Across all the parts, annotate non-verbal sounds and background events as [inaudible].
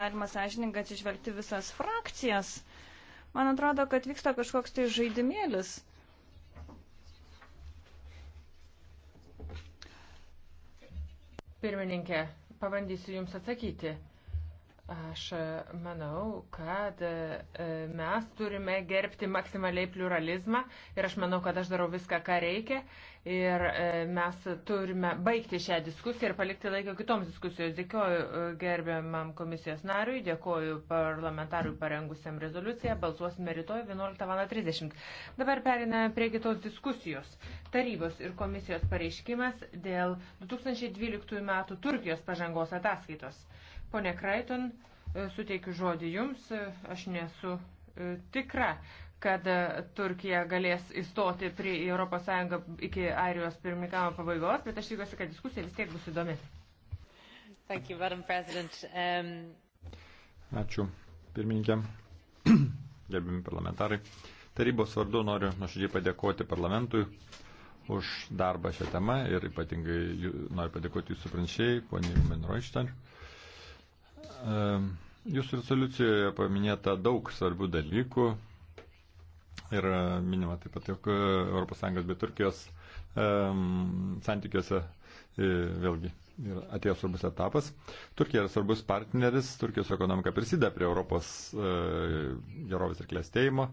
galima sąžininkai atsižvelgti visas frakcijas. Man atrodo, kad vyksta kažkoks tai žaidimėlis. Pirmininkė, pabandysiu Jums atsakyti. Aš manau, kad e, mes turime gerbti maksimaliai pluralizmą ir aš manau, kad aš darau viską, ką reikia ir e, mes turime baigti šią diskusiją ir palikti laiko kitoms diskusijos. Dėkoju e, gerbiamam komisijos nariui, dėkoju parlamentarui parengusiam rezoliuciją, balsuosime rytoj 11.30. Dabar periname prie kitos diskusijos. Tarybos ir komisijos pareiškimas dėl 2012 m. Turkijos pažangos ataskaitos. Pone Kraiton, e, suteikiu žodį Jums. E, aš nesu e, tikra, kad Turkija galės įstoti prie ES iki Airijos pirmininkavimo pabaigos, bet aš tikiuosi, kad diskusija vis tiek bus įdomi. Thank you, Madam President. Um... Ačiū, pirmininkė. [clears throat] Gerbimi parlamentarai. Tarybos vardu noriu nuoširdžiai padėkoti parlamentui už darbą šią temą ir ypatingai noriu padėkoti jūsų pranešėjai, poniai Menroištan. Uh, Jūsų rezoliucijoje paminėta daug svarbių dalykų ir minima taip pat, jog ES bei Turkijos um, santykiuose e, vėlgi ir atėjo svarbus etapas. Turkija yra svarbus partneris, Turkijos ekonomika prisideda prie Europos e, gerovės ir klėstėjimo.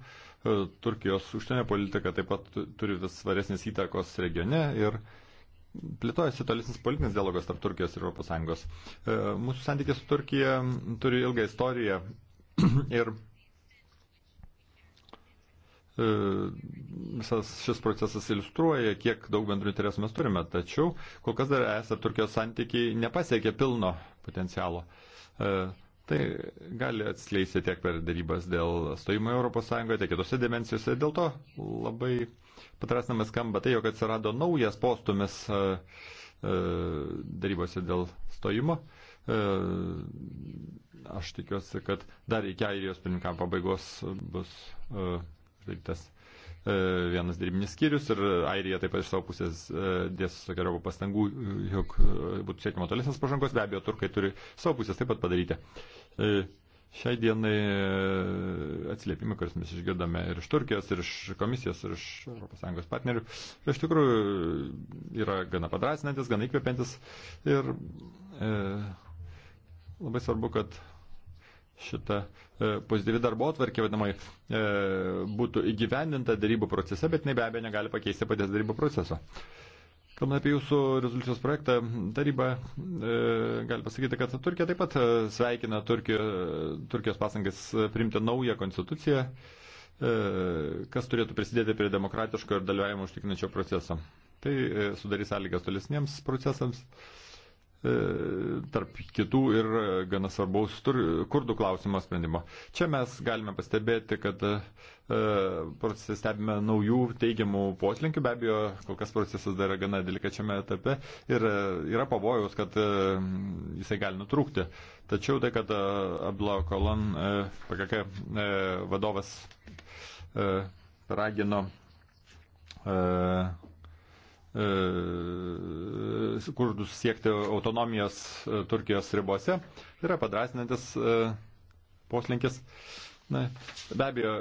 E, Turkijos užsienio politika taip pat turi vis svaresnės įtakos regione ir uh, plėtojasi tolesnis politinis dialogas tarp Turkijos ir ES. E, mūsų santykis su Turkija turi ilgą istoriją [clears throat] ir e, visas šis procesas iliustruoja, kiek daug bendrų interesų mes turime, tačiau kol kas dar esą Turkijos santykiai nepasiekė pilno potencialo. E, tai gali atskleisti tiek per darybas dėl stojimo Europos Sąjungoje, tiek kitose dimensijose. Dėl to labai patrasnamai skamba tai, jog atsirado naujas postumis e, e, darybose dėl stojimo. E, aš tikiuosi, kad dar iki airijos pirmininkam pabaigos bus uždarytas vienas darybinis skyrius ir Airija taip pat iš savo pusės dės sukeriavo pastangų, jog būtų siekimo tolesnės pažangos, be abejo, turkai turi savo pusės taip pat padaryti. Šiai dienai e, atsiliepimai, kuriuos mes išgirdome ir iš Turkijos, ir iš komisijos, ir iš ES partnerių, iš tikrųjų yra gana padrasinantis, gana įkvepiantis ir e, labai svarbu, kad šita e, pozityvi darbo atvarkė, vadinamai, e, būtų įgyvendinta darybų procese, bet ne be abejo negali pakeisti paties darybų proceso. E, Kalbant apie jūsų rezoliucijos projektą, taryba e, gali pasakyti, kad Turkija taip pat e, sveikina Turkijo, Turkijos pasangas priimti naują konstituciją, e, kas turėtų prisidėti prie demokratiško ir dalyvavimo užtikrinančio proceso. Tai e, sudarys sąlygas tolesniems procesams. E, E, tarp kitų ir gana svarbaus kurdų klausimo sprendimo. Čia mes galime pastebėti, kad e, procese stebime naujų teigiamų poslinkių, be abejo, kol kas procesas dar yra gana delikačiame etape ir e, yra pavojaus, kad jisai gali nutrūkti. Tačiau tai, kad Abla Kolon PKK vadovas ragino E, kurdus siekti autonomijos e, Turkijos ribose, yra padrasinantis e, poslinkis. Na, be abejo,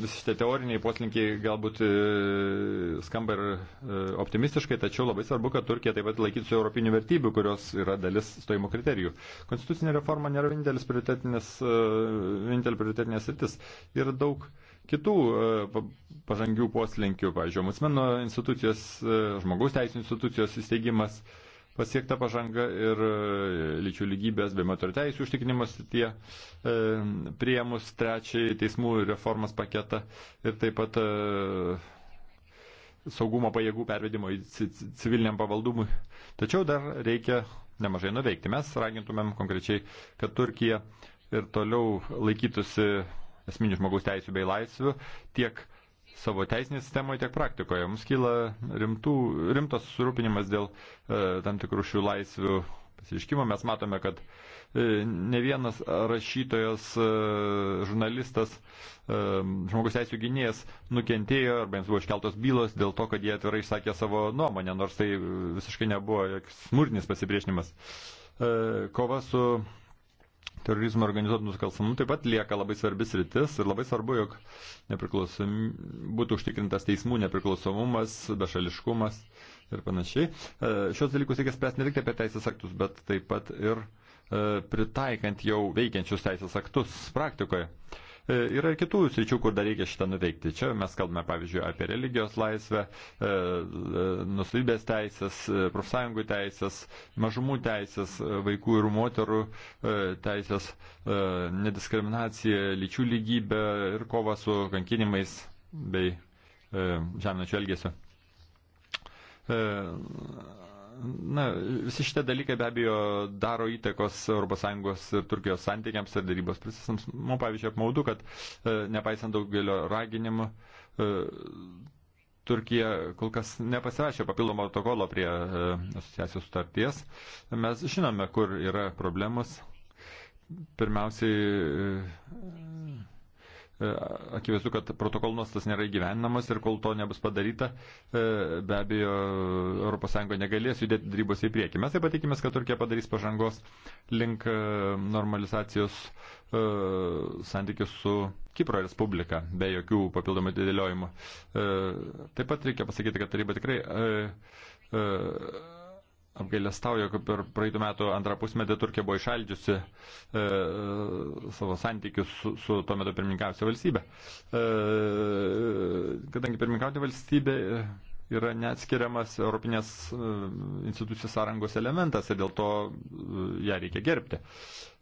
visi šitie teoriniai poslinkiai galbūt skamba ir optimistiškai, tačiau labai svarbu, kad Turkija taip pat laikytųsi europinių vertybių, kurios yra dalis stojimo kriterijų. Konstitucinė reforma nėra vienintelis prioritetinės, vienintelis prioritetinės rytis. Yra daug uh, kitų e, pažangių poslinkių, pavyzdžiui, Musmeno institucijos, e, žmogaus teisų institucijos įsteigimas, pasiekta pažanga ir e, lyčių lygybės bei moterų teisų užtikrinimas tie e, priemus trečiai teismų reformas paketą ir taip pat e, saugumo pajėgų pervedimo į civiliniam pavaldumui. Tačiau dar reikia nemažai nuveikti. Mes ragintumėm konkrečiai, kad Turkija ir toliau laikytųsi esminių žmogaus teisų bei laisvių tiek savo teisinėje sistemoje, tiek praktikoje. Mums kyla rimtų, rimtas susirūpinimas dėl e, tam tikrų šių laisvių pasiškimo. Mes matome, kad e, ne vienas rašytojas, e, žurnalistas, e, žmogus teisų gynėjas nukentėjo arba jiems buvo iškeltos bylos dėl to, kad jie atvirai išsakė savo nuomonę, nors tai visiškai nebuvo joks smurtinis pasipriešinimas. E, kova su terorizmo organizuotų nusikalstamų taip pat lieka labai svarbis rytis ir labai svarbu, jog nepriklausom... būtų užtikrintas teismų nepriklausomumas, bešališkumas ir panašiai. E, šios dalykus reikia spręsti ne tik apie teisės aktus, bet taip pat ir e, pritaikant jau veikiančius teisės aktus praktikoje. E, yra ir kitų sričių, kur dar reikia šitą nuveikti. Čia mes kalbame, pavyzdžiui, apie religijos laisvę, e, e, nusavybės teisės, profsąjungų teisės, mažumų teisės, vaikų ir moterų teisės, nediskriminacija, lyčių lygybė ir kova su kankinimais bei žeminančiu elgesiu. Na, visi šitie dalykai be abejo daro įtakos ES ir Turkijos santykiams ir darybos procesams. Man pavyzdžiui apmaudu, kad e, nepaisant daugelio raginimų, e, Turkija kol kas nepasirašė papildomo protokolo prie e, asociacijos sutarties. Mes žinome, kur yra problemos. Pirmiausiai E, akivaizdu, kad protokolo nuostas nėra įgyvenamas ir kol to nebus padaryta, e, be abejo, ES negalės judėti darybose į priekį. Mes taip pat tikimės, kad Turkija padarys pažangos link e, normalizacijos santykių su Kipro Respublika, be jokių papildomų didėliojimų. Taip pat reikia pasakyti, kad taryba tikrai apgailestauja, kad per praeitų metų antrą pusmetį Turkija buvo išaldžiusi e, e savo santykius su, su tuo metu pirmininkavusia valstybė. E, kadangi pirmininkauti valstybė yra neatskiriamas Europinės e, institucijos sąrangos elementas ir dėl to e, ją reikia gerbti.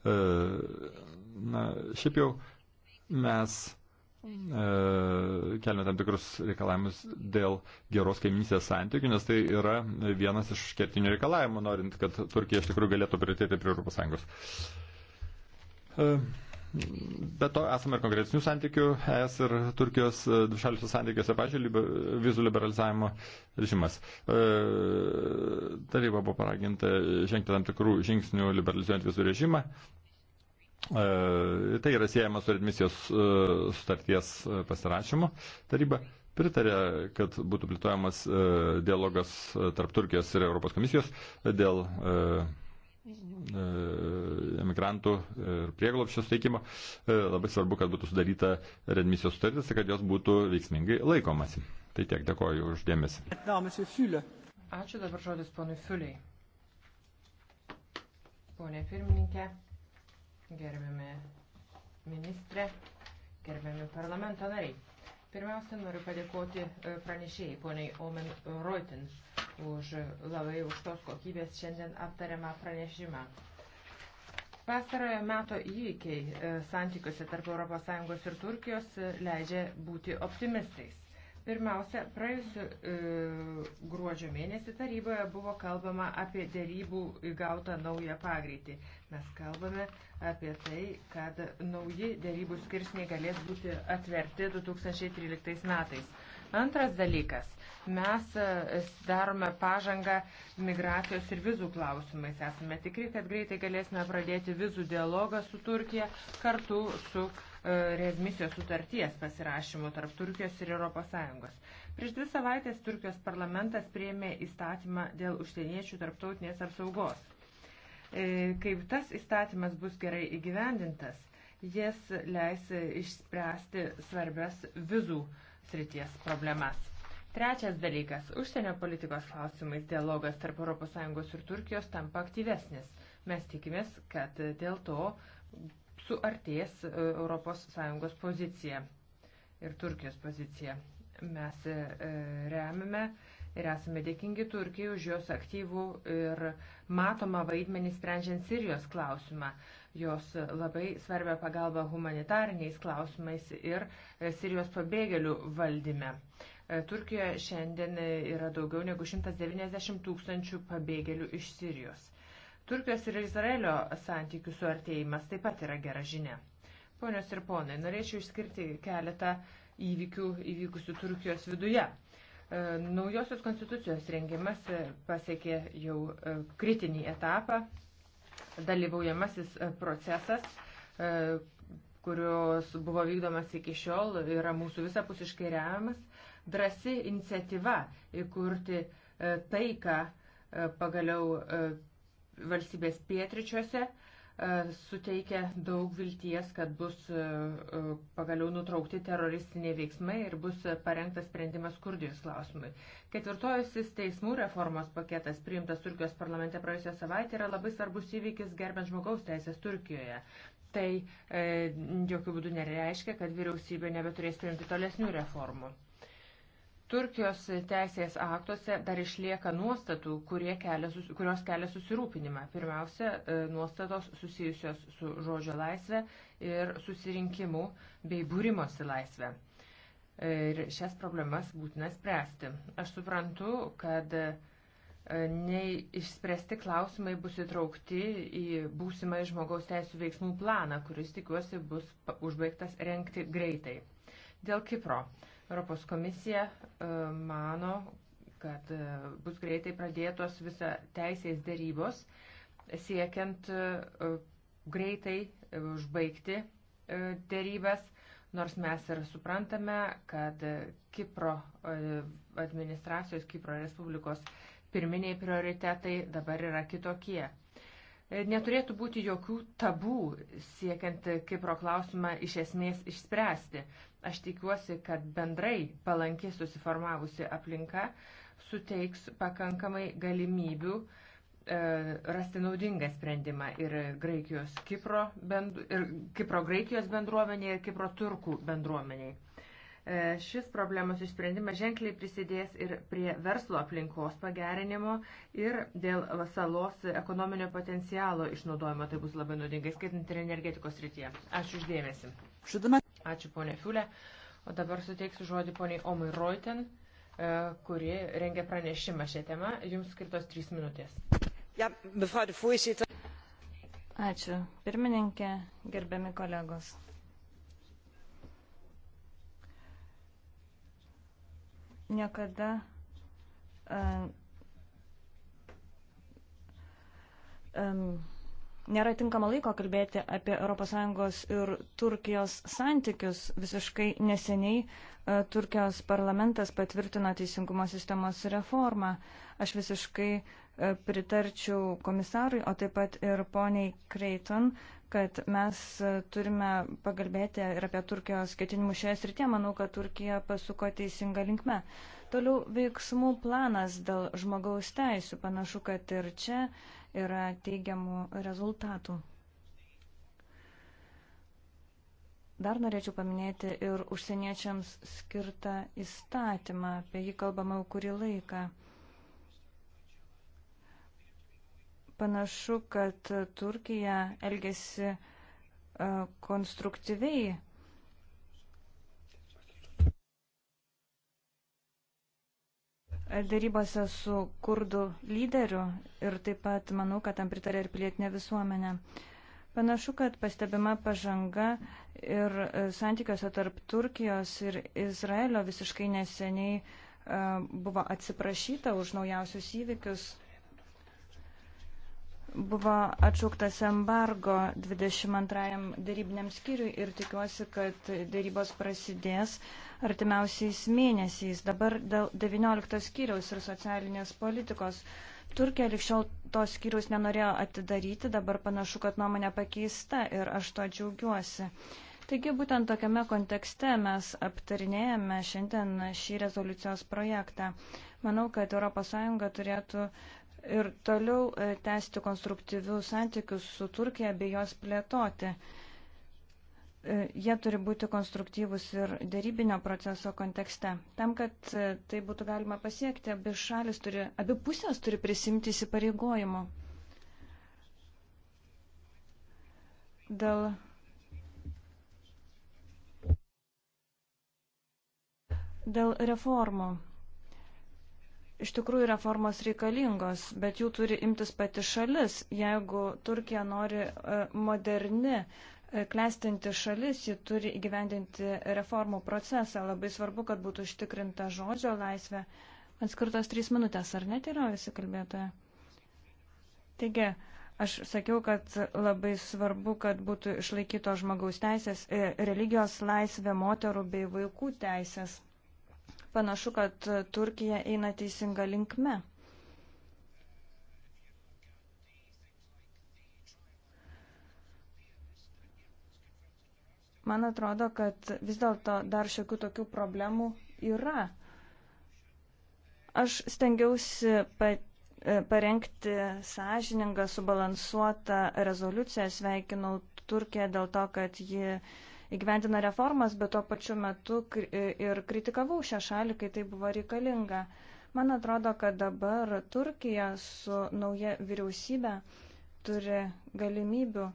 Na, šiaip jau mes E, kelime tam tikrus reikalavimus dėl geros kaiminysės santykių, nes tai yra vienas iš kertinių reikalavimų, norint, kad Turkija iš tikrųjų galėtų prieartėti prie ES. E, be to, esame ir konkretesnių santykių, es ir Turkijos e, dvišaliuose santykiuose, pažiūrėjau, vizų liberalizavimo režimas. Taryba buvo paraginta žengti tam tikrų žingsnių liberalizuojant vizų režimą, E, tai yra siejama su admisijos e, sutarties e, pasirašymu. Taryba pritarė, kad būtų plėtojamas dialogas tarp Turkijos ir Europos komisijos dėl emigrantų ir prieglopščio steikimo. Labai svarbu, kad būtų sudaryta redmisijos sutartis ir kad jos būtų veiksmingai laikomasi. Tai tiek, dėkoju uždėmesi. Ačiū dabar žodis ponui Fiuliai. Pone pirmininkė gerbiami ministrė, gerbiami parlamento nariai. Pirmiausia, noriu padėkoti e, pranešėjai, poniai Omen Reutin, už labai aukštos kokybės šiandien aptariamą pranešimą. Pastarojo meto įvykiai e, santykiuose tarp ES ir Turkijos e, leidžia būti optimistais. Pirmiausia, praėjusiu e, gruodžio mėnesį taryboje buvo kalbama apie dėrybų įgautą naują pagreitį. Mes kalbame apie tai, kad nauji dėrybų skirsniai galės būti atverti 2013 metais. Antras dalykas. Mes e, darome pažangą migracijos ir vizų klausimais. Esame tikri, kad greitai galėsime pradėti vizų dialogą su Turkija kartu su E, readmisijos sutarties pasirašymo tarp Turkijos ir ES. Prieš dvi savaitės Turkijos parlamentas prieėmė įstatymą dėl užsieniečių tarptautinės apsaugos. E, kaip tas įstatymas bus gerai įgyvendintas, jis leis išspręsti svarbias vizų srities problemas. Trečias dalykas - užsienio politikos klausimais dialogas tarp ES ir Turkijos tampa aktyvesnis. Mes tikimės, kad dėl to suartės ES pozicija ir Turkijos pozicija. Mes e, e, remime ir esame dėkingi Turkijai už jos aktyvų ir matomą vaidmenį sprendžiant Sirijos klausimą. Jos labai svarbia pagalba humanitariniais klausimais ir e, Sirijos pabėgėlių valdyme. Turkijoje šiandien yra daugiau negu 190 tūkstančių pabėgėlių iš Sirijos. Turkijos ir Izraelio santykių suartėjimas taip pat yra gera žinia. Ponios ir ponai, norėčiau išskirti keletą įvykių įvykusių Turkijos viduje. E, naujosios konstitucijos rengimas e, pasiekė jau e, kritinį etapą, dalyvaujamasis procesas, kurios buvo vykdomas iki šiol, yra mūsų visapusiškai remiamas, drasi iniciatyva įkurti taiką pagaliau valstybės pietričiuose e, suteikia daug vilties, kad bus e, e, pagaliau nutraukti teroristiniai veiksmai ir bus parengtas sprendimas Kurdijos klausimui. Ketvirtojusis teismų reformos paketas priimtas Turkijos parlamente praėjusią savaitę yra labai svarbus įvykis gerbent žmogaus teisės Turkijoje. Tai e, jokių būdų nereiškia, kad vyriausybė nebeturės priimti tolesnių reformų. Turkijos teisės aktuose dar išlieka nuostatų, kelia, kurios kelia susirūpinimą. Pirmiausia, e, nuostatos susijusios su žodžio laisvė ir susirinkimu bei būrimosi laisvė. E, ir šias problemas būtina spręsti. Aš suprantu, kad e, neišspręsti klausimai bus įtraukti į būsimą žmogaus teisų veiksmų planą, kuris tikiuosi bus užbaigtas renkti greitai. Dėl Kipro. Europos komisija e, mano, kad e, bus greitai pradėtos visa teisės dėrybos, siekiant e, greitai užbaigti dėrybas, nors mes ir suprantame, kad Kipro administracijos, Kipro Respublikos pirminiai prioritetai dabar yra kitokie. E, neturėtų būti jokių tabų siekiant Kipro klausimą iš esmės išspręsti. Aš tikiuosi, kad bendrai palankiai susiformavusi aplinka suteiks pakankamai galimybių e, rasti naudingą sprendimą ir Graikijos Kipro, bendru, ir Kipro Graikijos bendruomeniai, ir Kipro Turkų bendruomeniai. E, šis problemos išsprendimas ženkliai prisidės ir prie verslo aplinkos pagerinimo ir dėl salos ekonominio potencialo išnaudojimo. Tai bus labai naudingai, skaitant ir energetikos rytyje. Ačiū uždėmesi. Ačiū ponė Fiulė. O dabar suteiksiu žodį poniai Omai Reuten, e, kuri rengia pranešimą šią temą. Jums skirtos trys minutės. Ačiū. Pirmininkė, gerbiami kolegos. niekada um, um, nėra tinkama laiko kalbėti apie ES ir Turkijos santykius. Visiškai neseniai uh, Turkijos parlamentas patvirtino teisingumo sistemos reformą. Aš visiškai uh, pritarčiau komisarui, o taip pat ir poniai Kreiton, uh, kad mes e, turime pagalbėti ir apie Turkijos ketinimus šioje srityje. Manau, kad Turkija pasuko teisinga linkme. Toliau veiksmų planas dėl žmogaus teisų. Panašu, kad ir čia yra teigiamų rezultatų. Dar norėčiau paminėti ir užsieniečiams skirtą įstatymą, apie jį kalbama jau kurį laiką. Panašu, kad Turkija elgesi e, konstruktyviai darybose su kurdų lyderiu ir taip pat manau, kad tam pritarė ir pilietinė visuomenė. Panašu, kad pastebima pažanga ir e, santykiuose tarp Turkijos ir Izraelio visiškai neseniai e, buvo atsiprašyta už naujausius įvykius Buvo atšauktas embargo 22 darybiniam skyriui ir tikiuosi, kad darybos prasidės artimiausiais mėnesiais. Dabar dėl 19 skyriaus ir socialinės politikos. Turkija likščiau tos skyrius nenorėjo atidaryti, dabar panašu, kad nuomonė pakeista ir aš to džiaugiuosi. Taigi būtent tokiame kontekste mes aptarinėjame šiandien šį rezoliucijos projektą. Manau, kad ES turėtų ir toliau e, tęsti konstruktyvius santykius su Turkija bei jos plėtoti. E, jie turi būti konstruktyvus ir dėrybinio proceso kontekste. Tam, kad e, tai būtų galima pasiekti, abi šalis turi, abi pusės turi prisimti įsipareigojimų. Dėl dėl reformų. Iš tikrųjų reformos reikalingos, bet jų turi imtis pati šalis. Jeigu Turkija nori e, moderni, e, klestinti šalis, ji turi įgyvendinti reformų procesą. Labai svarbu, kad būtų užtikrinta žodžio laisvė. Atskirtos trys minutės, ar net yra visi kalbėtoje? Taigi, Aš sakiau, kad labai svarbu, kad būtų išlaikytos žmogaus teisės, e, religijos laisvė, moterų bei vaikų teisės panašu, kad Turkija eina teisinga linkme. Man atrodo, kad vis dėlto dar šiokių tokių problemų yra. Aš stengiausi pat e, parengti sąžiningą, subalansuotą rezoliuciją. Sveikinau Turkiją dėl to, kad ji uh, įgyvendina reformas, bet tuo pačiu metu e, ir kritikavau šią šalį, kai tai buvo reikalinga. Man atrodo, kad dabar Turkija su nauja vyriausybė turi galimybių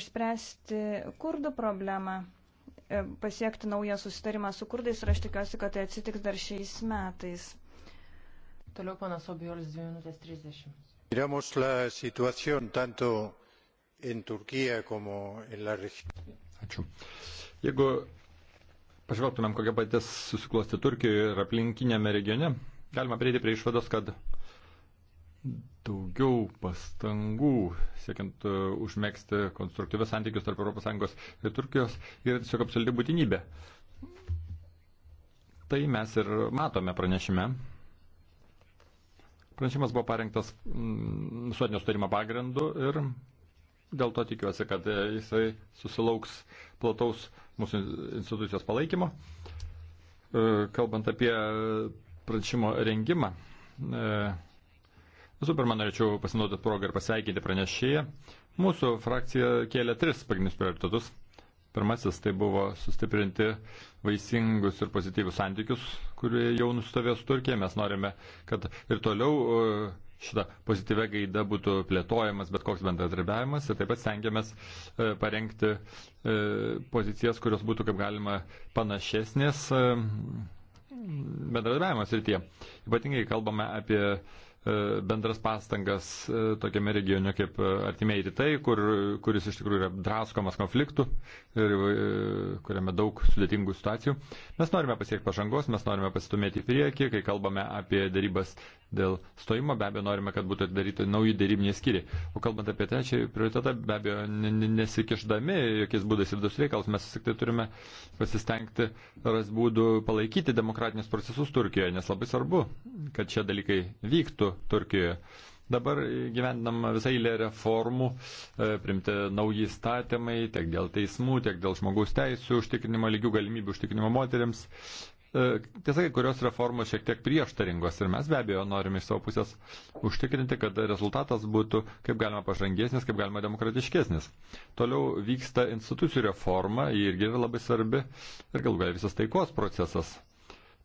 išspręsti kurdų problemą, e, pasiekti naują susitarimą su kurdais ir aš tikiuosi, kad tai atsitiks dar šiais metais. Toliau panas Obiolis 2 minutės 30. Miramos la situación tanto en Turquía como en la región. Ačiū. Jeigu pažvelgtumėm, kokia patys susiklosti Turkijoje ir aplinkinėme regione, galima prieiti prie išvados, kad daugiau pastangų siekiant e, užmėgsti konstruktyvius santykius tarp ES ir Turkijos yra tiesiog absoliuti būtinybė. Tai mes ir matome pranešime. Pranešimas buvo parengtas mm, visuotinio sutarimo pagrindu ir dėl to tikiuosi, kad e, jisai susilauks plataus mūsų institucijos palaikymo. E, kalbant apie pranešimo rengimą, e, visų pirma, norėčiau pasinaudoti progą ir pasveikinti pranešėją. Mūsų frakcija kėlė tris pagrindinius prioritetus. Pirmasis tai buvo sustiprinti vaisingus ir pozityvius santykius, kurie jau nustovės Turkija. Mes norime, kad ir toliau šitą pozityvę gaidą būtų plėtojamas bet koks bendradarbiavimas ir taip pat stengiamės e, parengti e, pozicijas, kurios būtų kaip galima panašesnės e, bendradarbiavimo srityje. Ypatingai kalbame apie E, bendras pastangas e, tokiame regione kaip e, artimiai rytai, kur, kuris iš tikrųjų yra draskomas konfliktų ir kuriame daug sudėtingų situacijų. Mes norime pasiekti pažangos, mes norime pasitumėti į priekį, kai kalbame apie darybas dėl stojimo, be abejo norime, kad būtų atidaryti nauji darybiniai skyriai. O kalbant apie trečią prioritetą, be abejo nesikišdami jokiais būdais į vidaus reikalus, mes vis tik tai turime pasistengti ras būdų palaikyti demokratinius procesus Turkijoje, nes labai svarbu, kad šie dalykai vyktų Turkijoje. Dabar gyvendam visai lė reformų, e, primti nauji įstatymai tiek dėl teismų, tiek dėl žmogaus teisų užtikrinimo, lygių galimybių užtikrinimo moteriams. E, tiesa, kai kurios reformos šiek tiek prieštaringos ir mes be abejo norime iš savo pusės užtikrinti, kad rezultatas būtų kaip galima pažangesnis, kaip galima demokratiškesnis. Toliau vyksta institucijų reforma, ji irgi yra labai svarbi ir galų galia visas taikos procesas.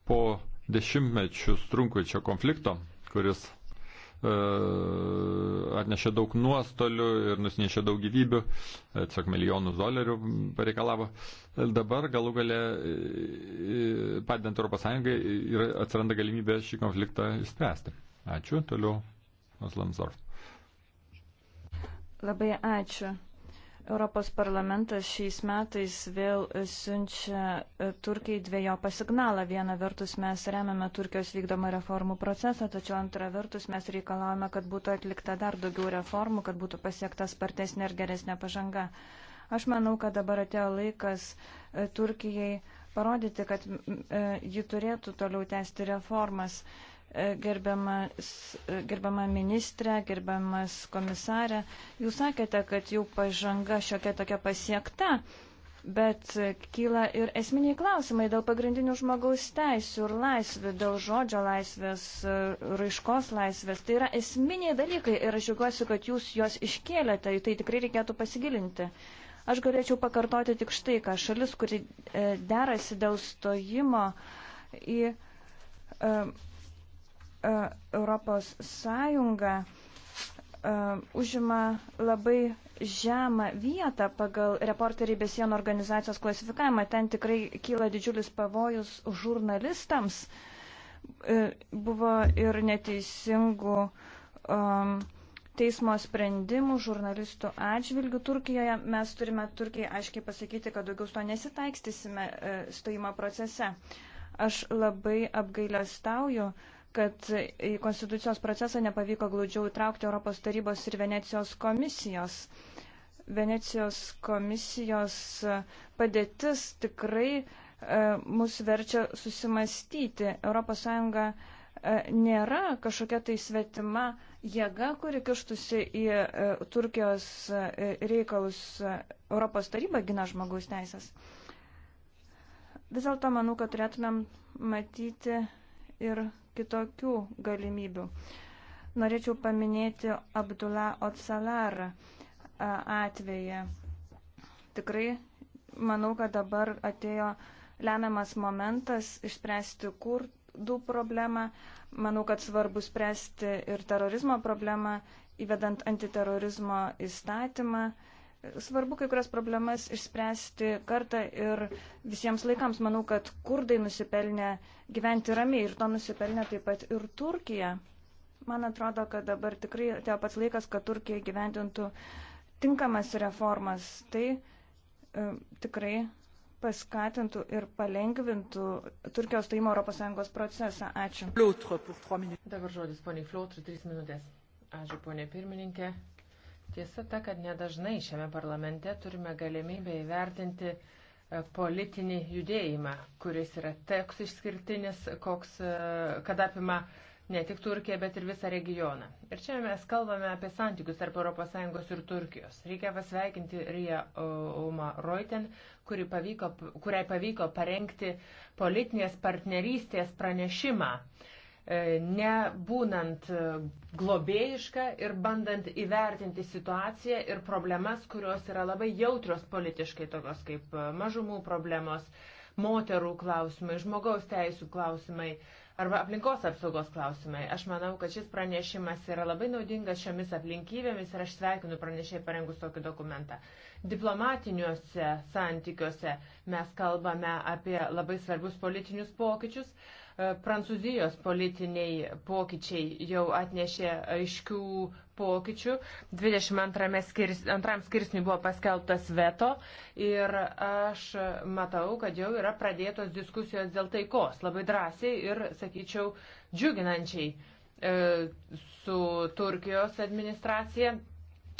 Po dešimtmečių trunkučio konflikto, kuris E, atnešė daug nuostolių ir nusinešė daug gyvybių, e, tiesiog milijonų dolerių pareikalavo. Dabar galų gale, e, padedant ES, atsiranda galimybė šį konfliktą išspręsti. Ačiū, toliau Oslamzorf. Labai ačiū. Europos parlamentas šiais metais vėl siunčia e, Turkiai dviejopą signalą. Viena vertus mes remiame Turkijos vykdomą reformų procesą, tačiau antra vertus mes reikalavome, kad būtų atlikta dar daugiau reformų, kad būtų pasiekta spartesnė ir geresnė pažanga. Aš manau, kad dabar atėjo laikas e, Turkijai parodyti, kad e, ji turėtų toliau tęsti reformas. E, gerbiamas, e, gerbiama ministrė, gerbiamas komisarė, jūs sakėte, kad jau pažanga šiokia tokia pasiekta, bet kyla ir esminiai klausimai dėl pagrindinių žmogaus teisų ir laisvių, dėl žodžio laisvės, e, raiškos laisvės. Tai yra esminiai dalykai ir aš žiūriuosi, kad jūs juos iškėlėte, tai tikrai reikėtų pasigilinti. Aš galėčiau pakartoti tik štai, ką šalis, kuri derasi dėl stojimo į. Um, E, Europos Sąjunga e, užima labai žemą vietą pagal reporteriai be sienų organizacijos klasifikavimą. Ten tikrai kyla didžiulis pavojus žurnalistams. E, buvo ir neteisingų um, teismo sprendimų žurnalistų atžvilgių Turkijoje. Mes turime Turkijai aiškiai pasakyti, kad daugiau to nesitaikstysime stojimo procese. Aš labai apgailestauju, stauju kad į konstitucijos procesą nepavyko glaudžiau įtraukti Europos tarybos ir Venecijos komisijos. Venecijos komisijos padėtis tikrai e, mus verčia susimastyti. ES e, nėra kažkokia tai svetima jėga, kuri kištusi į e, Turkijos reikalus. Europos taryba gina žmogaus teisės. Vis dėlto manau, kad turėtumėm matyti ir kitokių galimybių. Norėčiau paminėti Abdulą Otsalarą atvejį. Tikrai manau, kad dabar atėjo lemiamas momentas išspręsti kurdų problemą. Manau, kad svarbu spręsti ir terorizmo problemą, įvedant antiterorizmo įstatymą. Uh, Svarbu kai kurias problemas išspręsti kartą ir visiems laikams. Manau, kad kurdai nusipelnė gyventi ramiai ir to nusipelnė taip pat ir Turkija. Man atrodo, kad dabar tikrai atėjo pats laikas, kad Turkija gyventintų tinkamas reformas. Tai e, tikrai paskatintų ir palengvintų Turkijos stojimo ES procesą. Ačiū. Dabar žodis poniai Flautrui, trys minutės. Ačiū ponė pirmininkė. Tiesa ta, kad nedažnai šiame parlamente turime galimybę įvertinti e, politinį judėjimą, kuris yra toks išskirtinis, koks, e, kad apima ne tik Turkiją, bet ir visą regioną. Ir čia mes kalbame apie santykius tarp ES ir Turkijos. Reikia pasveikinti Rija Uma Reuten, kuri pavyko, kuriai pavyko parengti politinės partnerystės pranešimą. Uh, E, nebūnant e, globėjiška ir bandant įvertinti situaciją ir problemas, kurios yra labai jautrios politiškai, tokios kaip e, mažumų problemos, moterų klausimai, žmogaus teisų klausimai arba aplinkos apsaugos klausimai. Aš manau, kad šis pranešimas yra labai naudingas šiomis aplinkybėmis ir aš sveikinu pranešėjai parengus tokį dokumentą. Diplomatiniuose santykiuose mes kalbame apie labai svarbius politinius pokyčius. Uh, Prancūzijos politiniai pokyčiai jau atnešė aiškių pokyčių. 22 skirs, skirsniui buvo paskelbtas veto ir aš matau, kad jau yra pradėtos diskusijos dėl taikos labai drąsiai ir, sakyčiau, džiuginančiai e, su Turkijos administracija.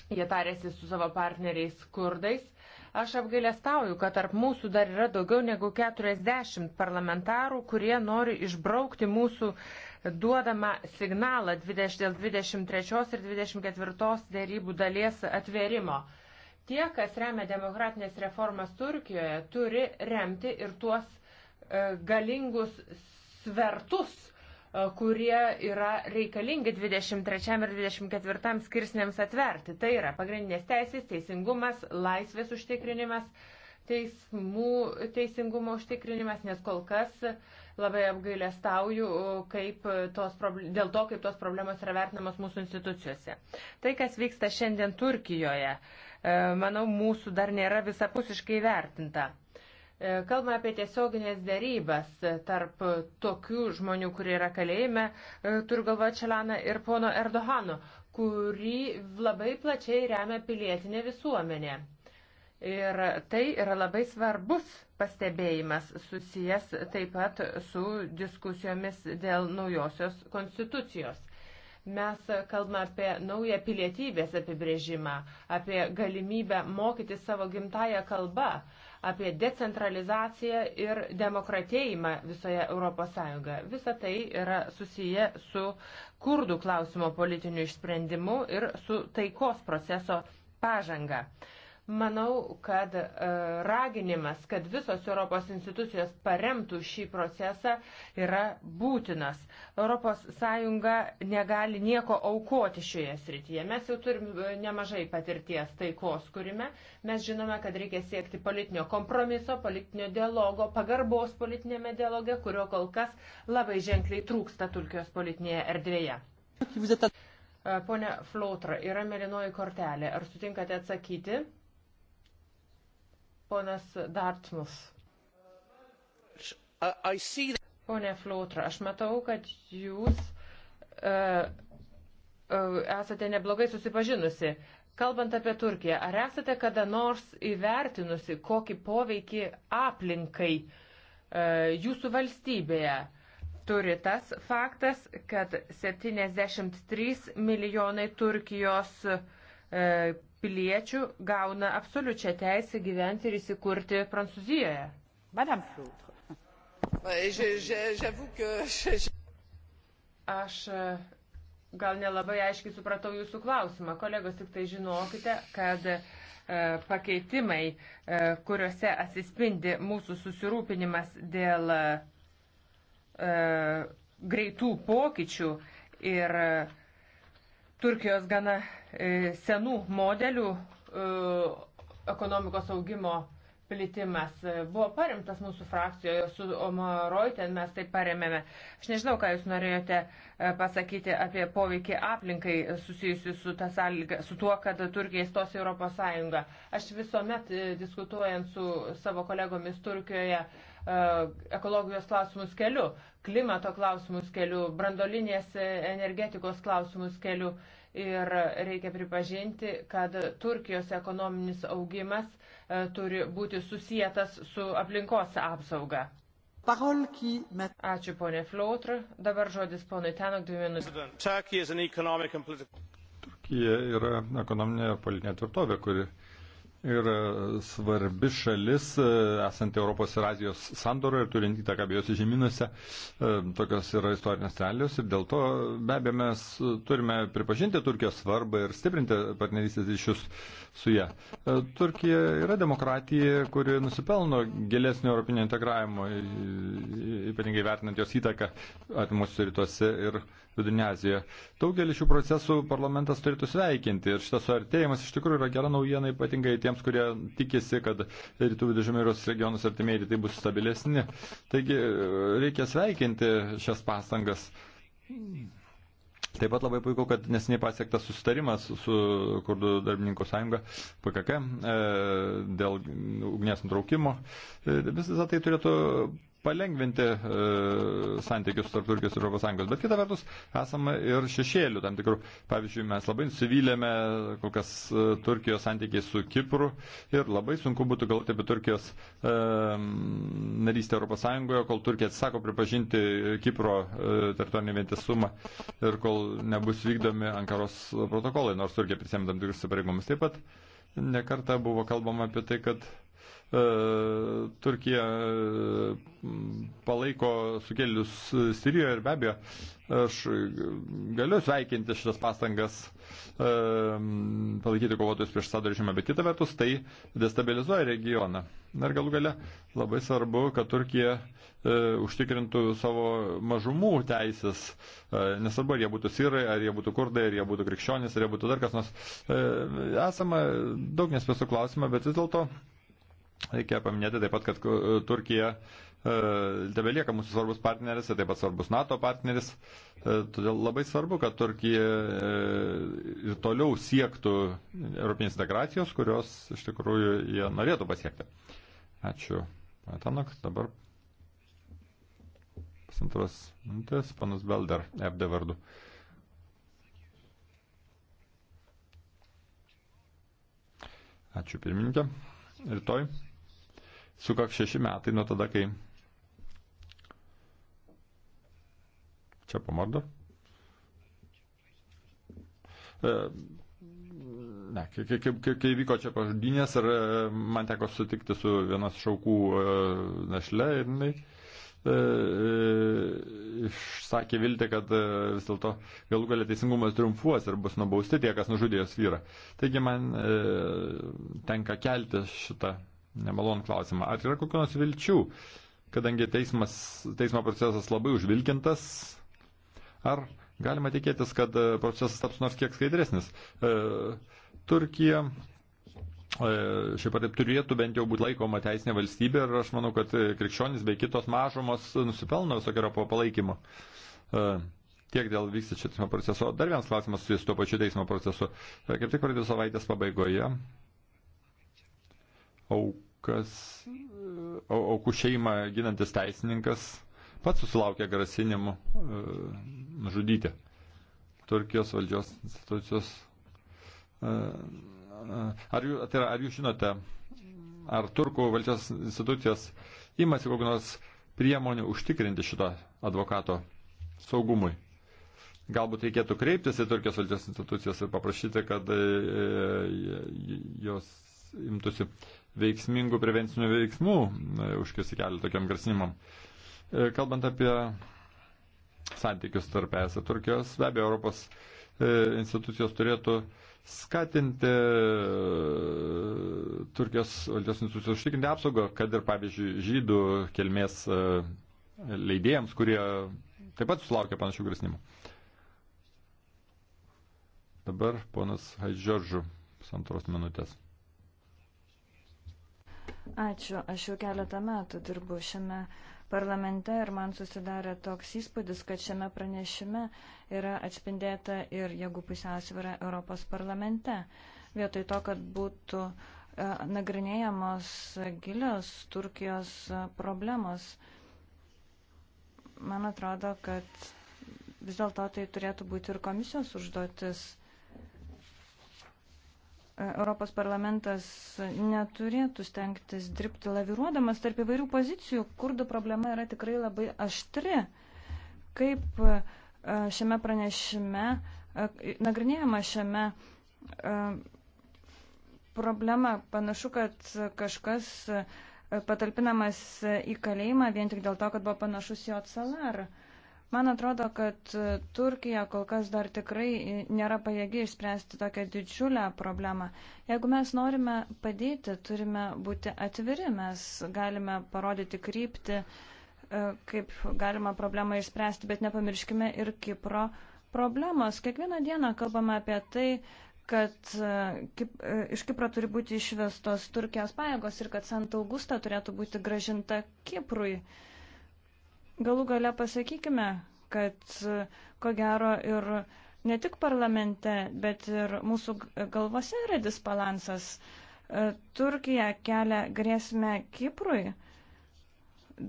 Jie tarėsi su savo partneriais kurdais Aš apgailestauju, kad tarp mūsų dar yra daugiau negu 40 parlamentarų, kurie nori išbraukti mūsų duodamą signalą 20, 23 ir 24 dėrybų dalies atvėrimo. Tie, kas remia demokratinės reformas Turkijoje, turi remti ir tuos e, galingus svertus, E, kurie yra reikalingi 23 ir 24 skirsniams atverti. Tai yra pagrindinės teisės, teisingumas, laisvės užtikrinimas, teismų teisingumo užtikrinimas, nes kol kas labai apgailestauju e, dėl to, kaip tos problemos yra vertinamos mūsų institucijose. Tai, kas vyksta šiandien Turkijoje, e, manau, mūsų dar nėra visapusiškai vertinta. E, kalbame apie tiesioginės dėrybas tarp tokių žmonių, kurie yra kalėjime, e, turiu galvoje Čelaną ir pono Erdohano, kurį labai plačiai remia pilietinė visuomenė. Ir tai yra labai svarbus pastebėjimas susijęs taip pat su diskusijomis dėl naujosios konstitucijos. Mes kalbame apie naują pilietybės apibrėžimą, apie galimybę mokyti savo gimtają kalbą, apie decentralizaciją ir demokratėjimą visoje ES. Visa tai yra susiję su kurdų klausimo politiniu išsprendimu ir su taikos proceso pažanga. Manau, kad e, raginimas, kad visos Europos institucijos paremtų šį procesą yra būtinas. ES negali nieko aukoti šioje srityje. Mes jau turim e, nemažai patirties taikos, kurime mes žinome, kad reikia siekti politinio kompromiso, politinio dialogo, pagarbos politinėme dialoge, kurio kol kas labai ženkliai trūksta Turkijos politinėje erdvėje. E, pone Flautra, yra melinoji kortelė. Ar sutinkate atsakyti? Ponas Dartmus. Pone Flautra, aš matau, kad jūs uh, uh, esate neblogai susipažinusi. Kalbant apie Turkiją, ar esate kada nors įvertinusi, kokį poveikį aplinkai uh, jūsų valstybėje turi tas faktas, kad 73 milijonai Turkijos uh, piliečių gauna absoliučią teisę gyventi ir įsikurti Prancūzijoje. Madame Flautre. Aš e, gal nelabai aiškiai supratau jūsų klausimą. Kolegos, tik tai žinokite, kad e, pakeitimai, e, kuriuose atsispindi mūsų susirūpinimas dėl greitų pokyčių ir Turkijos gana E, senų modelių e, ekonomikos augimo plitimas e, buvo paremtas mūsų frakcijoje su Omaroitė, mes tai paremėme. Aš nežinau, ką jūs norėjote pasakyti apie poveikį aplinkai susijusiu su, sąlyga, su tuo, kad Turkija įstos į Europos Sąjungą. Aš visuomet diskutuojant su savo kolegomis Turkijoje ekologijos klausimus keliu, klimato klausimus keliu, brandolinės energetikos klausimus keliu ir reikia pripažinti, kad Turkijos ekonominis augimas e, turi būti susijęs su aplinkos apsauga. Ačiū ponė Flautr. Dabar žodis ponui Tenok dvi minutės. Turkija yra ekonominė politinė tvirtovė, kuri ir e, svarbi šalis, e, esanti Europos ir Azijos sandoroje ir turint įtaką abiejose žemynuose, e, tokios yra istorinės realijos ir dėl to be abejo mes turime pripažinti Turkijos svarbą ir stiprinti partnerystės ryšius su ją. Turkija yra demokratija, kuri nusipelno gilesnio europinio integravimo, ypatingai vertinant jos įtaką atimuose rytuose ir Vidurinė Azijoje. Daugelį šių procesų parlamentas turėtų sveikinti ir šitas suartėjimas iš tikrųjų yra gera naujiena ypatingai tiems, kurie tikisi, kad rytų viduržemėros regionus artimieji rytai bus stabilesni. Taigi reikia sveikinti šias pastangas. Taip pat labai puiku, kad nesiniai pasiektas susitarimas su Kurdų darbininkų sąjunga PKK e, dėl ugnies nutraukimo. E, visą tai turėtų palengvinti e, santykius tarp Turkijos ir ES. Bet kita vertus, esame ir šešėlių tam tikrų. Pavyzdžiui, mes labai nusivylėme kol kas e, Turkijos santykiai su Kipru ir labai sunku būtų galvoti apie Turkijos e, narystę ES, kol Turkija atsisako pripažinti Kipro e, teritorinį vientisumą ir kol nebus vykdomi Ankaros protokolai, nors Turkija prisėmė tam tikrus įsipareigomus. Taip pat nekarta buvo kalbama apie tai, kad E, Turkija e, palaiko sukėlius Sirijoje ir be abejo aš galiu sveikinti šitas pastangas e, palaikyti kovotojus prieš Sado režimą, bet kita vertus tai destabilizuoja regioną. Ir galų gale labai svarbu, kad Turkija e, užtikrintų savo mažumų teisės, e, nesvarbu, ar jie būtų sirai, ar jie būtų kurdai, ar jie būtų krikščionys, ar jie būtų dar kas nors. E, esama daug nespėsų klausimą, bet vis dėlto Reikia paminėti taip pat, kad e, Turkija e, tebelieka mūsų svarbus partneris, taip pat svarbus NATO partneris. E, todėl labai svarbu, kad Turkija ir toliau siektų Europinės integracijos, kurios iš tikrųjų jie norėtų pasiekti. Ačiū. Tanok, dabar pusantros minutės, panus Belder, FD vardu. Ačiū pirmininkė. Rytoj sukak šeši metai nuo tada, kai čia pamardo. E, ne, kai, kai, kai, kai vyko čia pažudinės ir e, man teko sutikti su vienas šaukų e, našle ir jinai e, išsakė viltį, kad vis dėlto galų galia teisingumas triumfuos ir bus nubausti tie, kas nužudė jos vyrą. Taigi man tenka kelti šitą nemalonų klausimą. Ar yra kokios vilčių, kadangi teismas, teismo procesas labai užvilkintas, ar galima tikėtis, kad e, procesas taps nors kiek skaidresnis? E, Turkija e, šiaip ar taip turėtų bent jau būti laikoma teisinė valstybė ir aš manau, kad krikščionis bei kitos mažumos nusipelno visokio palaikymo. E, tiek dėl vykstačio teismo proceso. Dar vienas klausimas su tuo pačiu teismo procesu. Kaip tik praeitų savaitės pabaigoje auk aukas, aukų šeimą ginantis teisininkas pats susilaukė grasinimų e, nužudyti. Turkijos valdžios institucijos. E, e, ar, jų, tai yra, ar jūs žinote, ar turkų valdžios institucijos imasi kokių nors priemonių užtikrinti šito advokato saugumui? Galbūt reikėtų kreiptis į Turkijos valdžios institucijas ir paprašyti, kad jos imtųsi uh, veiksmingų prevencinių veiksmų e, užkirsti kelią tokiam grasinimam. E, kalbant apie santykius tarp ES ir Turkijos, be abejo, Europos e, institucijos turėtų skatinti Turkijos valdžios institucijos užtikrinti apsaugą, kad ir, pavyzdžiui, žydų kilmės leidėjams, kurie taip pat sulaukia panašių grasinimų. Dabar ponas Haidžiordžų, santros minutės. Ačiū. Aš jau keletą metų dirbu šiame parlamente ir man susidarė toks įspūdis, kad šiame pranešime yra atspindėta ir jėgų pusiausvyrą Europos parlamente. Vietoj to, kad būtų e, nagrinėjamos gilios Turkijos e, problemos, man atrodo, kad vis dėlto tai turėtų būti ir komisijos užduotis Europos parlamentas neturėtų stengtis dirbti laviruodamas tarp įvairių pozicijų. Kurdų problema yra tikrai labai aštri. Kaip e, šiame pranešime, e, nagrinėjama šiame e, problema, panašu, kad kažkas patalpinamas į kalėjimą vien tik dėl to, kad buvo panašus į Otsalarą. Man atrodo, kad e, Turkija kol kas dar tikrai e, nėra pajėgi išspręsti tokią didžiulę problemą. Jeigu mes norime padėti, turime būti atviri, mes galime parodyti kryptį, e, kaip galima problemą išspręsti, bet nepamirškime ir Kipro problemos. Kiekvieną dieną kalbame apie tai, kad iš Kipro turi būti išvestos Turkijos pajėgos ir kad Sant Augusta turėtų būti gražinta Kiprui. Uh, Galų gale pasakykime, kad ko gero ir ne tik parlamente, bet ir mūsų galvose yra disbalansas. E, Turkija kelia grėsmę Kiprui.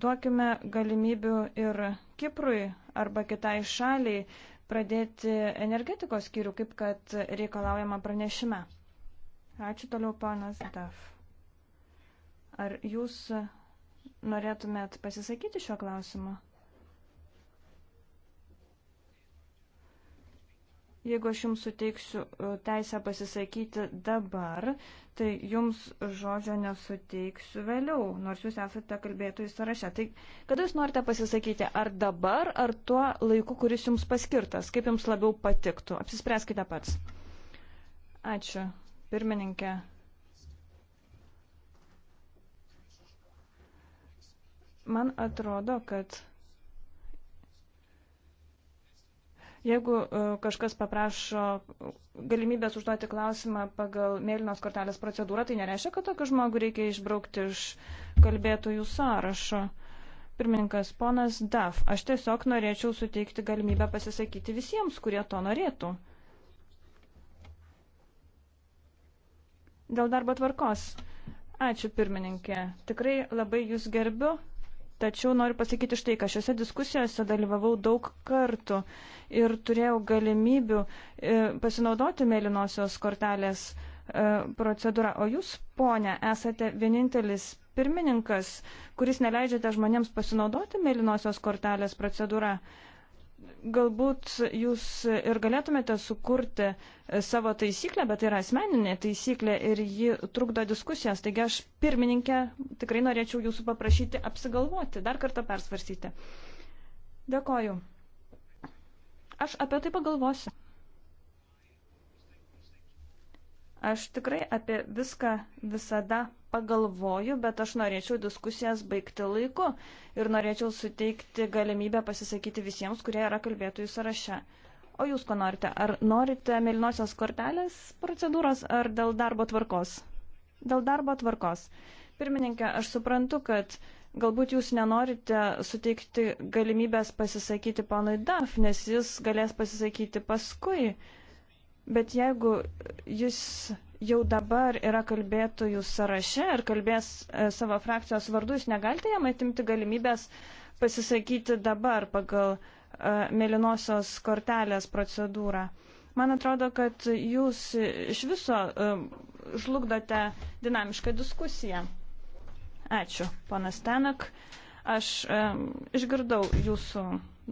Duokime galimybių ir Kiprui arba kitai šaliai pradėti energetikos skyrių, kaip kad reikalaujama pranešime. Ačiū toliau, panas Daf. Ar jūs norėtumėt pasisakyti šiuo klausimu? Jeigu aš jums suteiksiu uh, teisę pasisakyti dabar, tai jums žodžio nesuteiksiu vėliau, nors jūs esate kalbėtojų sąraše. Tai kada jūs norite pasisakyti, ar dabar, ar tuo laiku, kuris jums paskirtas, kaip jums labiau patiktų? Apsispręskite pats. Ačiū, pirmininkė. Man atrodo, kad jeigu e, kažkas paprašo galimybės užduoti klausimą pagal mėlynos kortelės procedūrą, tai nereiškia, kad tokį žmogų reikia išbraukti iš kalbėtojų sąrašo. Pirmininkas ponas Daf, aš tiesiog norėčiau suteikti galimybę pasisakyti visiems, kurie to norėtų. Dėl darbo tvarkos. Ačiū pirmininkė. Tikrai labai jūs gerbiu. Tačiau noriu pasakyti štai, kad šiuose diskusijose dalyvavau daug kartų ir turėjau galimybių e, pasinaudoti mėlynosios kortelės e, procedūrą. O jūs, ponė, esate vienintelis pirmininkas, kuris neleidžiate žmonėms pasinaudoti mėlynosios kortelės procedūrą. Galbūt jūs ir galėtumėte sukurti e, savo taisyklę, bet tai yra asmeninė taisyklė ir ji trukdo diskusijas. Taigi aš pirmininkė tikrai norėčiau jūsų paprašyti apsigalvoti, dar kartą persvarstyti. Dėkoju. Aš apie tai pagalvosiu. Aš tikrai apie viską visada pagalvoju, bet aš norėčiau diskusijas baigti laiku ir norėčiau suteikti galimybę pasisakyti visiems, kurie yra kalbėtojų sąraše. O jūs ko norite? Ar norite mėlynosios kortelės procedūros ar dėl darbo tvarkos? Dėl darbo tvarkos. Pirmininkė, aš suprantu, kad galbūt jūs nenorite suteikti galimybės pasisakyti ponui DAF, nes jis galės pasisakyti paskui. Bet jeigu jūs jau dabar yra kalbėtojų sąraše ir kalbės e, savo frakcijos vardu, jūs negalite jam atimti galimybės pasisakyti dabar pagal uh, mėlynosios kortelės procedūrą. Man atrodo, kad jūs iš viso uh, žlugdote dinamišką diskusiją. Ačiū, ponas Tenak. Aš um, išgirdau jūsų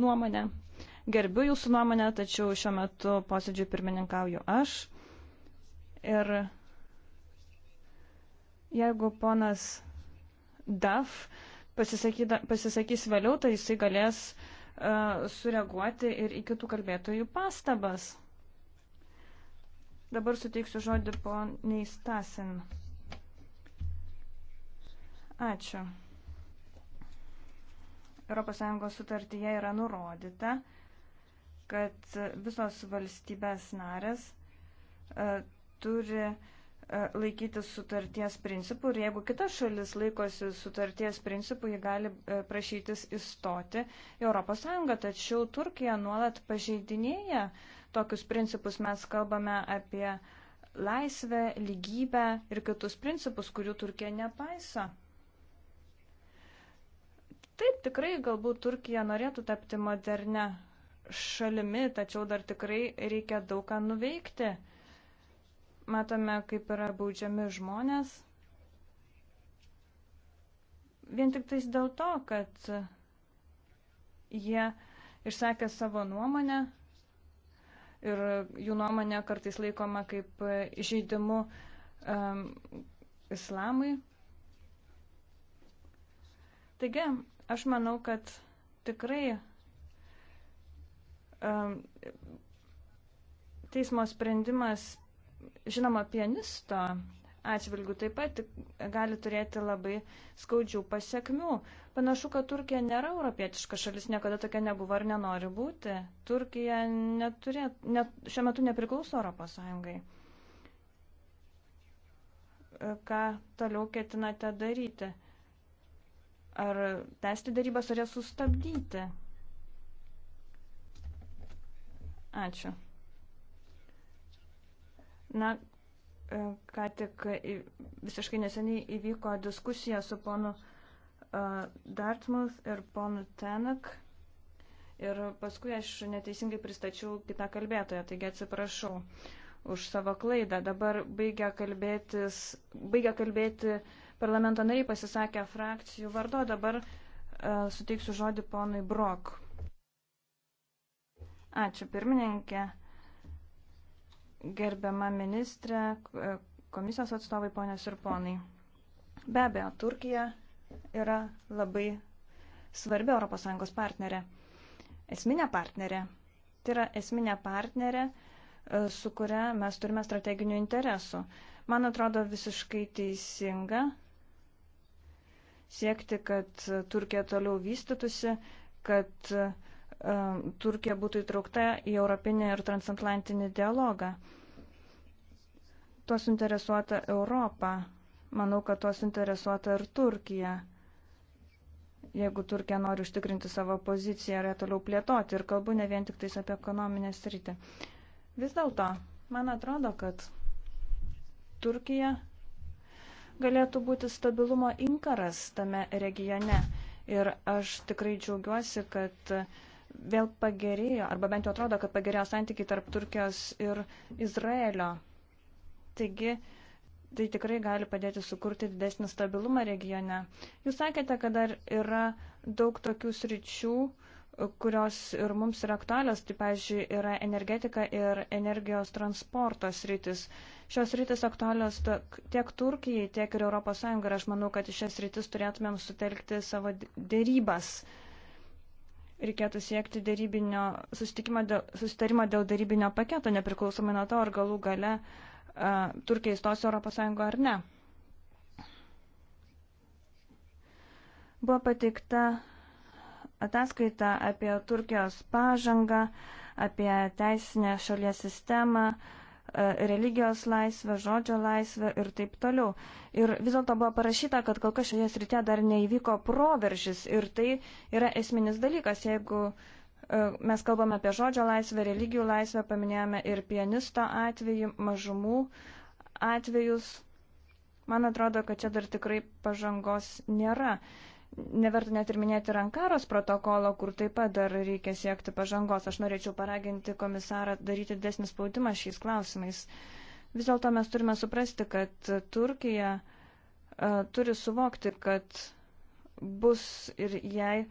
nuomonę. Gerbiu jūsų nuomonę, tačiau šiuo metu posėdžiui pirmininkauju aš. Ir jeigu ponas DAF pasisakys vėliau, tai jisai galės uh, sureaguoti ir į kitų kalbėtojų pastabas. Dabar suteiksiu žodį poniai Stasin. Ačiū. ES sutartyje yra nurodyta, kad visos valstybės narės e, turi e, laikytis sutarties principų ir jeigu kita šalis laikosi sutarties principų, ji gali e, prašytis įstoti į ES, tačiau Turkija nuolat pažeidinėja tokius principus. Mes kalbame apie laisvę, lygybę ir kitus principus, kurių Turkija nepaisa. Taip, tikrai galbūt Turkija norėtų tapti modernę šalimi, tačiau dar tikrai reikia daug ką nuveikti. Matome, kaip yra baudžiami žmonės. Vien tik tais dėl to, kad jie išsakė savo nuomonę ir jų nuomonė kartais laikoma kaip žaidimu um, islamui. Taigi, aš manau, kad tikrai um, teismo sprendimas žinoma pianisto atžvilgių taip pat gali turėti labai skaudžių pasiekmių. Panašu, kad Turkija nėra europietiška šalis, niekada tokia nebuvo ar nenori būti. Turkija neturė, net, šiuo metu nepriklauso Europos Sąjungai. Ką toliau ketinate daryti? Ar tęsti darybas, ar jas sustabdyti? Ačiū. Na, e, ką tik visiškai neseniai įvyko diskusija su ponu e, Dartmouth ir ponu Tenak. Ir paskui aš neteisingai pristačiau kitą kalbėtoją, taigi atsiprašau už savo klaidą. Dabar baigia, kalbėtis, baigia kalbėti parlamento nariai pasisakę frakcijų vardo, dabar uh, suteiksiu žodį ponui Brok. Ačiū pirmininkė. Uh, gerbiama ministrė, e, komisijos atstovai, ponios ir ponai. Be abejo, Turkija yra labai svarbi ES partnerė, esminė partnerė. Tai yra esminė partnerė, e, su kuria mes turime strateginių interesų. Man atrodo visiškai teisinga siekti, kad Turkija toliau vystytųsi, kad uh, Um, Turkija būtų įtraukta į europinį ir transatlantinį dialogą. Tuo suinteresuota Europa. Manau, kad tuo suinteresuota ir Turkija. Jeigu Turkija nori užtikrinti savo poziciją ir toliau plėtoti, ir kalbu ne vien tik tais apie ekonominę sritį. Vis dėlto, man atrodo, kad Turkija galėtų būti stabilumo inkaras tame regione. Ir aš tikrai džiaugiuosi, kad uh, vėl pagerėjo, arba bent jau atrodo, kad pagerėjo santykiai tarp Turkijos ir Izraelio. Taigi, tai tikrai gali padėti sukurti didesnį stabilumą regione. Jūs sakėte, kad dar yra daug tokių sričių, kurios ir mums yra aktualios, tai, pavyzdžiui, yra energetika ir energijos transportas rytis. Šios rytis aktualios tiek Turkijai, tiek ir ES ir aš manau, kad į šias rytis turėtumėm sutelkti savo dėrybas. De reikėtų siekti dėl, susitarimo dėl darybinio paketo, nepriklausomai nuo to, ar galų gale uh, Turkija įstos Europos Sąjungo ar ne. Buvo pateikta ataskaita apie Turkijos pažangą, apie teisinę šalies sistemą, uh, E, religijos laisvę, žodžio laisvę ir taip toliau. Ir vis dėlto buvo parašyta, kad kol kas šioje srityje dar neįvyko proveržis ir tai yra esminis dalykas, jeigu e, mes kalbame apie žodžio laisvę, religijų laisvę, paminėjome ir pianisto atveju, mažumų atvejus. Man atrodo, kad čia dar tikrai pažangos nėra. Neverta net ir minėti rankaros protokolo, kur taip pat dar reikia siekti pažangos. Aš norėčiau paraginti komisarą daryti desnį spaudimą šiais klausimais. Vis dėlto mes turime suprasti, kad Turkija uh, turi suvokti, kad bus ir jai e,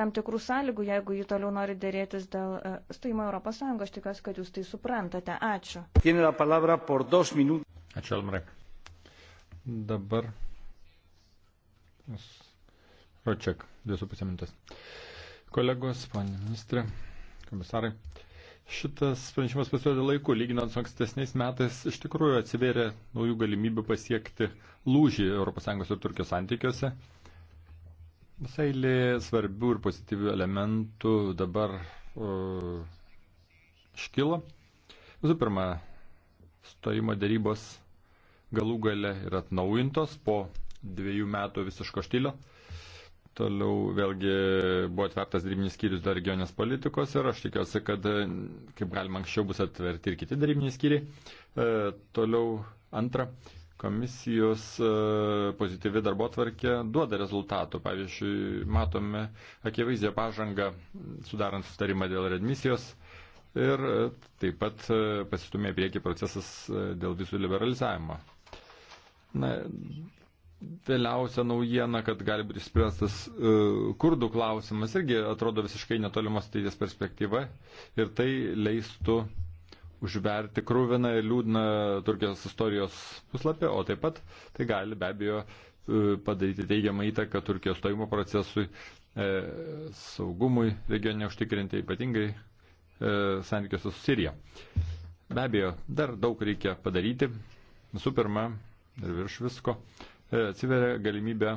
tam tikrų sąlygų, jeigu ji toliau nori dėrėtis dėl uh, stojimo Europos Sąjungos. Aš tikiuosi, kad jūs tai suprantate. Ačiū. Ačiū, Almrek. Dabar Ročiak, 2,5 minutės. Kolegos, panė ministrė, komisarai, šitas pranešimas pasirodė laiku, lyginant su ankstesniais metais, iš tikrųjų atsivėrė naujų galimybių pasiekti lūžį ES ir Turkijos santykiuose. Visai svarbių ir pozityvių elementų dabar uh, iškilo. Visų pirma, stojimo dėrybos galų gale yra atnaujintos po dviejų metų visiško štilio. Uh, Toliau vėlgi buvo atvertas darybinis skyrius dėl regionės politikos ir aš tikiuosi, kad kaip galima anksčiau bus atverti ir kiti darybiniai skyriai. E, toliau antra, komisijos e, pozityvi darbo tvarkė duoda rezultatų. Pavyzdžiui, matome akivaizdžią pažangą sudarant sustarimą dėl redmisijos ir e, taip pat e, pasistumė prieki procesas e, dėl visų liberalizavimo. Na, Vėliausia naujiena, kad gali būti spręstas uh, e, kurdų klausimas, irgi atrodo visiškai netolimos ateities perspektyva ir tai leistų užverti krūviną ir liūdną Turkijos istorijos puslapį, o taip pat tai gali be abejo e, padaryti teigiamą įtaką Turkijos stojimo procesui, e, saugumui regione užtikrinti, ypatingai e, santykiuose su Sirija. Be abejo, dar daug reikia padaryti. Visų pirma, ir virš visko, E, atsiveria galimybė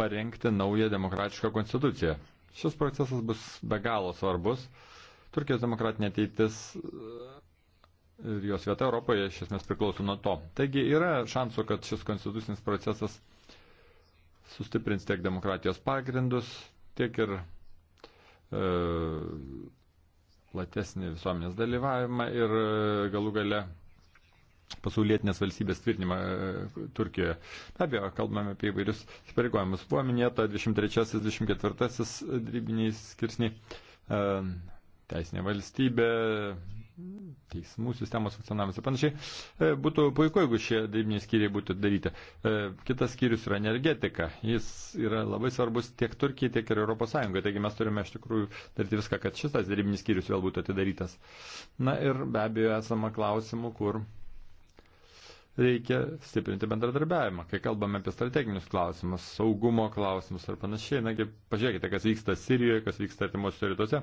parengti naują demokratišką konstituciją. Šis procesas bus be galo svarbus. Turkijos demokratinė ateitis e, ir jos vieta Europoje iš esmės priklauso nuo to. Taigi yra šansų, kad šis konstitucinis procesas sustiprins tiek demokratijos pagrindus, tiek ir e, platesnį visuomenės dalyvavimą ir e, galų gale pasaulietinės valstybės tvirtinimą e, Turkijoje. Be abejo, kalbame apie įvairius spareigojimus. Buvo minėta 23-24 drybiniai skirsniai e, teisinė valstybė, teismų sistemos funkcionavimas ir panašiai. E, būtų puiku, jeigu šie darybiniai skyriai būtų daryti. Kitas skyrius yra energetika. Jis yra labai svarbus tiek Turkijai, tiek ir ES. Taigi mes turime iš tikrųjų daryti viską, kad šitas darybinis skyrius vėl būtų atidarytas. Na ir be abejo esama klausimų, kur reikia stiprinti bendradarbiavimą, kai kalbame apie strateginius klausimus, saugumo klausimus ar panašiai. Nagi, pažiūrėkite, kas vyksta Sirijoje, kas vyksta artimuose rytuose.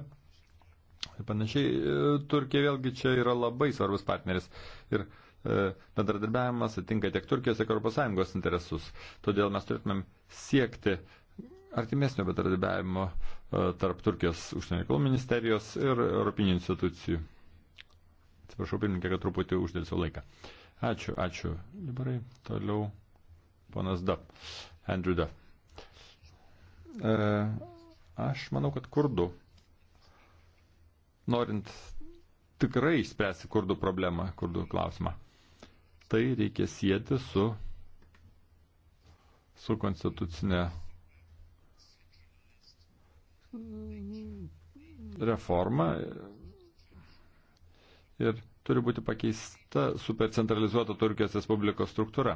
Ir panašiai, e, Turkija vėlgi čia yra labai svarbus partneris. Ir e, bendradarbiavimas atitinka tiek Turkijos, tiek ES interesus. Todėl mes turėtumėm siekti artimesnio bendradarbiavimo e, tarp Turkijos užsienio reikalų ministerijos ir europinių institucijų. Atsiprašau, pirmininkė, kad truputį uždėlsiu laiką. Uh, Ačiū, ačiū. Liberai, toliau ponas Dab. Andrew Dab. E, aš manau, kad kurdų, norint tikrai išspręsti kurdų problemą, kurdų klausimą, tai reikia sieti su, su konstitucinė reforma ir turi būti pakeista supercentralizuota Turkijos Respublikos struktūra.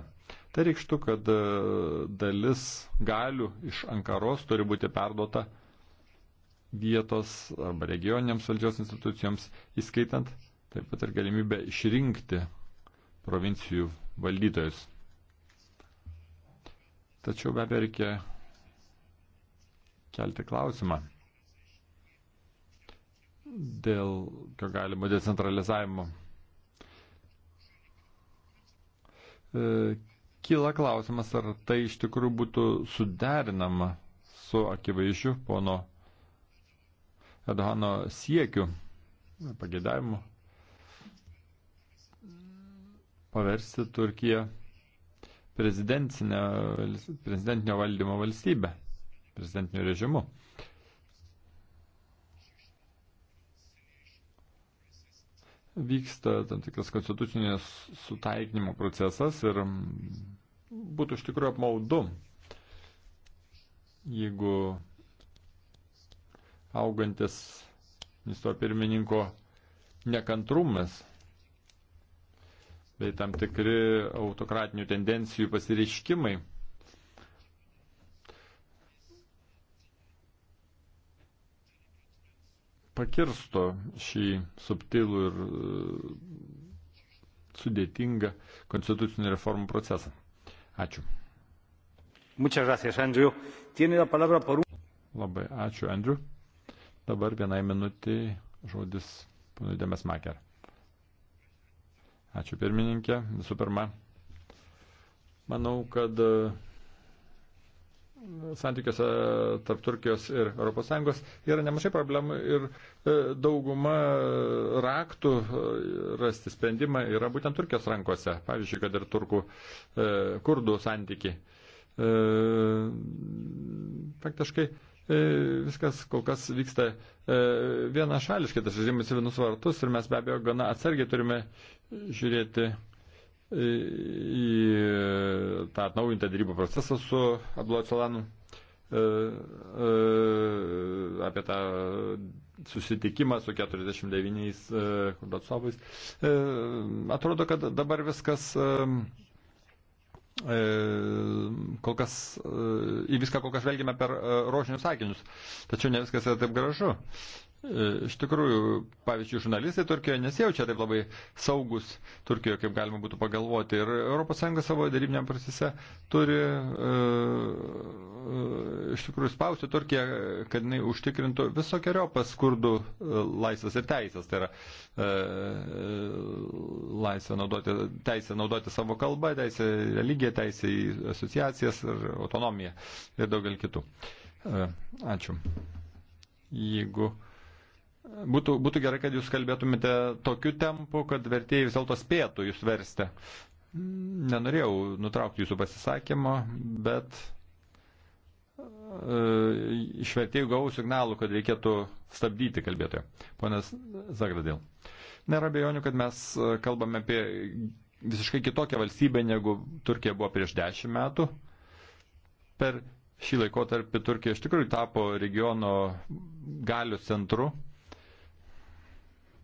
Tai reikštų, kad e, dalis galių iš Ankaros turi būti perduota vietos arba regioniniams valdžios institucijoms, įskaitant taip pat ir galimybę išrinkti provincijų valdytojus. Tačiau be abejo reikia kelti klausimą, dėl ką galima decentralizavimo. E, kyla klausimas, ar tai iš tikrųjų būtų suderinama su akivaizdžiu pono Edhano siekiu, pagėdavimu paversti Turkiją prezidentinio valdymo valstybę, prezidentiniu režimu. Uh, vyksta tam tikras konstitucinės sutaikinimo procesas ir mm, būtų iš tikrųjų apmaudu, jeigu augantis ministro pirmininko nekantrumas bei tam tikri autokratinių tendencijų pasireiškimai pakirsto šį subtilų ir e, sudėtingą konstitucinių reformų procesą. Ačiū. Muchas gracias, Andrew. Tiene la palabra por un... Labai ačiū, Andrew. Dabar vienai minutį žodis ponui Demes Maker. Ačiū pirmininkė. Visų pirma, manau, kad e, santykiuose tarp Turkijos ir ES yra nemažai problemų ir e, dauguma raktų e, rasti sprendimą yra būtent Turkijos rankose. Pavyzdžiui, kad ir turkų e, kurdų santyki. Faktiškai viskas kol kas vyksta vienašališkai, tas žaidimas į vienus vartus ir mes be abejo gana atsargiai turime žiūrėti į tą atnaujintą darybų procesą su Ablocelanu, e, e, apie tą susitikimą su 49 atstovais. E, atrodo, kad dabar viskas kol kas į viską kol kas žvelgime per rožinius sakinius, tačiau ne viskas yra taip gražu. Iš tikrųjų, pavyzdžiui, žurnalistai Turkijoje nesijaučia taip labai saugus Turkijoje, kaip galima būtų pagalvoti. Ir ES savo darybiniam procese turi e, e, iš tikrųjų spausti Turkiją, kad jinai užtikrintų visokiojo paskurdų e, laisvas ir teisės. Tai yra laisvę naudoti, teisę naudoti savo kalbą, teisę religiją, teisę į asociacijas ir autonomiją ir daugelį kitų. Ačiū. Jeigu Būtų, būtų gerai, kad jūs kalbėtumėte tokiu tempu, kad vertėjai vis dėlto spėtų jūs versti. Nenorėjau nutraukti jūsų pasisakymo, bet e, iš vertėjų gavau signalų, kad reikėtų stabdyti kalbėtoją. Ponas Zagradėl. Nėra bejonių, kad mes e, kalbame apie visiškai kitokią valstybę, negu Turkija buvo prieš dešimt metų. Per šį laikotarpį Turkija iš tikrųjų tapo regiono galių centru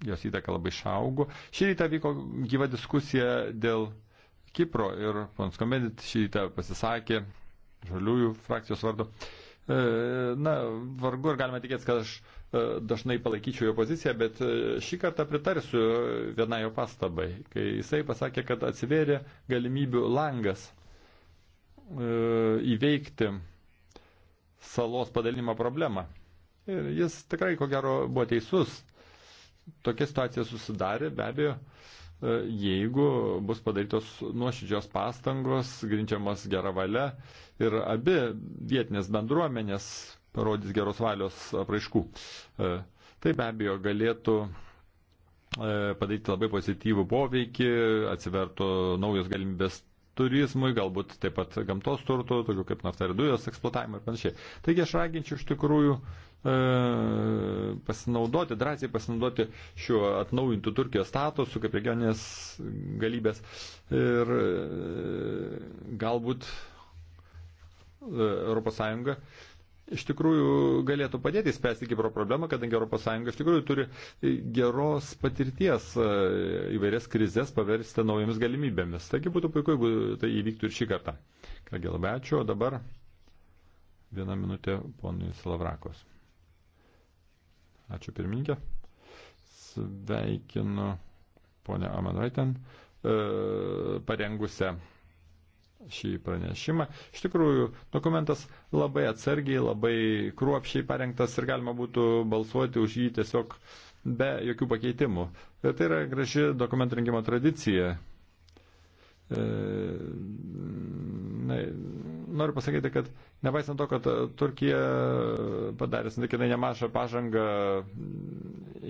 jos įtaka labai išaugo. Šį rytą vyko gyva diskusija dėl Kipro ir pons Komedit šį rytą pasisakė žaliųjų frakcijos vardu. E, na, vargu ar galima tikėtis, kad aš e, dažnai palaikyčiau jo poziciją, bet e, šį kartą pritarsiu vienai jo pastabai, kai jisai pasakė, kad atsivėrė galimybių langas įveikti salos padalinimo problemą. Ir jis tikrai, ko gero, buvo teisus tokia situacija susidarė, be abejo, e, jeigu bus padarytos nuoširdžios pastangos, grindžiamas gera valia ir abi vietinės bendruomenės parodys geros valios apraiškų. E, tai be abejo galėtų e, padaryti labai pozityvų poveikį, atsivertų naujos galimybės turizmui, galbūt taip pat gamtos turtų, tokių kaip nafta ir dujos eksploatavimui ir panašiai. Taigi aš raginčiau iš tikrųjų E, pasinaudoti, drąsiai pasinaudoti šiuo atnaujintų Turkijos statusu kaip regioninės galybės ir e, galbūt ES iš tikrųjų galėtų padėti spręsti Kipro problemą, kadangi ES iš tikrųjų turi geros patirties e, įvairias krizės paversti naujomis galimybėmis. Taigi būtų puiku, jeigu tai įvyktų ir šį kartą. Kągi labai ačiū, o dabar vieną minutę ponui Slavrakos. Ačiū pirmininkė. Sveikinu ponę Amadraitin e, parengusią šį pranešimą. Iš tikrųjų, dokumentas labai atsargiai, labai kruopšiai parengtas ir galima būtų balsuoti už jį tiesiog be jokių pakeitimų. Ir e, tai yra graži dokumentų rengimo tradicija. E, na, noriu pasakyti, kad nepaisant to, kad e, Turkija padarė santykinai nemažą pažangą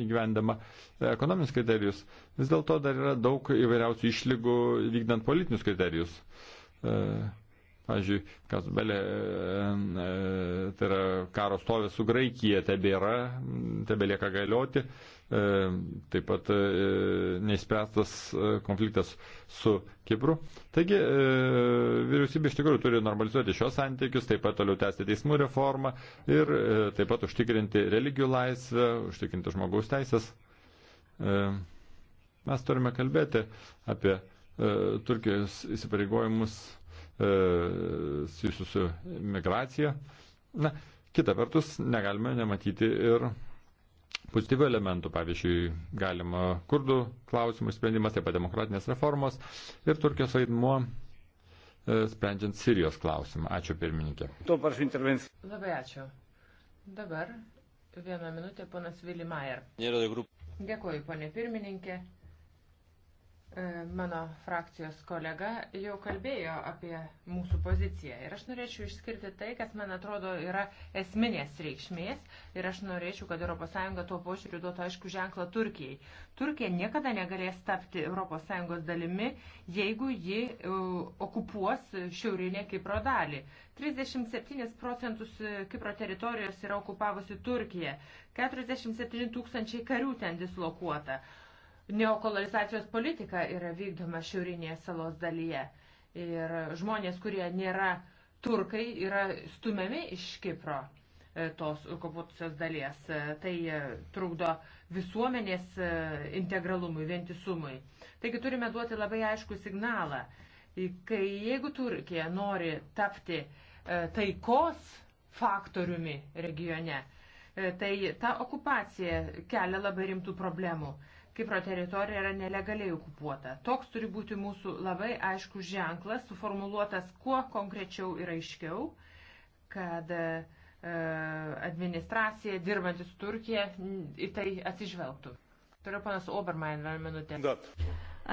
įgyvendama e, ekonominius kriterijus, vis dėlto dar yra daug įvairiausių išlygų vykdant politinius kriterijus. E, pavyzdžiui, Kazbelė, tai yra karo stovė su Graikija, tebėra, tebelieka galioti. E, taip pat e, neįspręstas e, konfliktas su Kipru. Taigi vyriausybė iš tikrųjų turi normalizuoti šios santykius, taip pat toliau tęsti teismų reformą ir taip pat užtikrinti religijų laisvę, užtikrinti žmogaus teisės. Mes turime kalbėti apie Turkijos įsipareigojimus susijusius su migracija. Na, kita vertus, negalime nematyti ir pozityvių elementų, pavyzdžiui, galima kurdų klausimų sprendimas, taip pat demokratinės reformos ir Turkijos vaidmuo e, sprendžiant Sirijos klausimą. Ačiū pirmininkė. Tuo prašau intervenciją. Labai ačiū. Dabar vieną minutę ponas Vilimajer. Dėkuoju, ponė pirmininkė. E, mano frakcijos kolega jau kalbėjo apie mūsų poziciją. Ir aš norėčiau išskirti tai, kas, man atrodo, yra esminės reikšmės. Ir aš norėčiau, kad ES tuo požiūriu duotų aišku ženklą Turkijai. Turkija niekada negalės tapti ES dalimi, jeigu ji e, okupuos šiaurinę Kipro dalį. 37 procentus e, Kipro teritorijos yra okupavusi Turkija. 47 tūkstančiai karių ten dislokuota neokolonizacijos politika yra vykdoma šiaurinėje salos dalyje. Ir žmonės, kurie nėra turkai, yra stumiami iš Kipro e, tos okupuotusios dalies. E, tai e, trukdo visuomenės integralumui, vientisumui. Taigi turime duoti labai aišku signalą, kai jeigu Turkija nori tapti taikos faktoriumi regione, tai ta okupacija kelia labai rimtų problemų. Kipro teritorija yra nelegaliai okupuota. Toks turi būti mūsų labai aiškus ženklas, suformuluotas kuo konkrečiau ir aiškiau, kad e, administracija dirbantis Turkija į tai atsižvelgtų. Turiu panas Obermain vieną minutę. Da.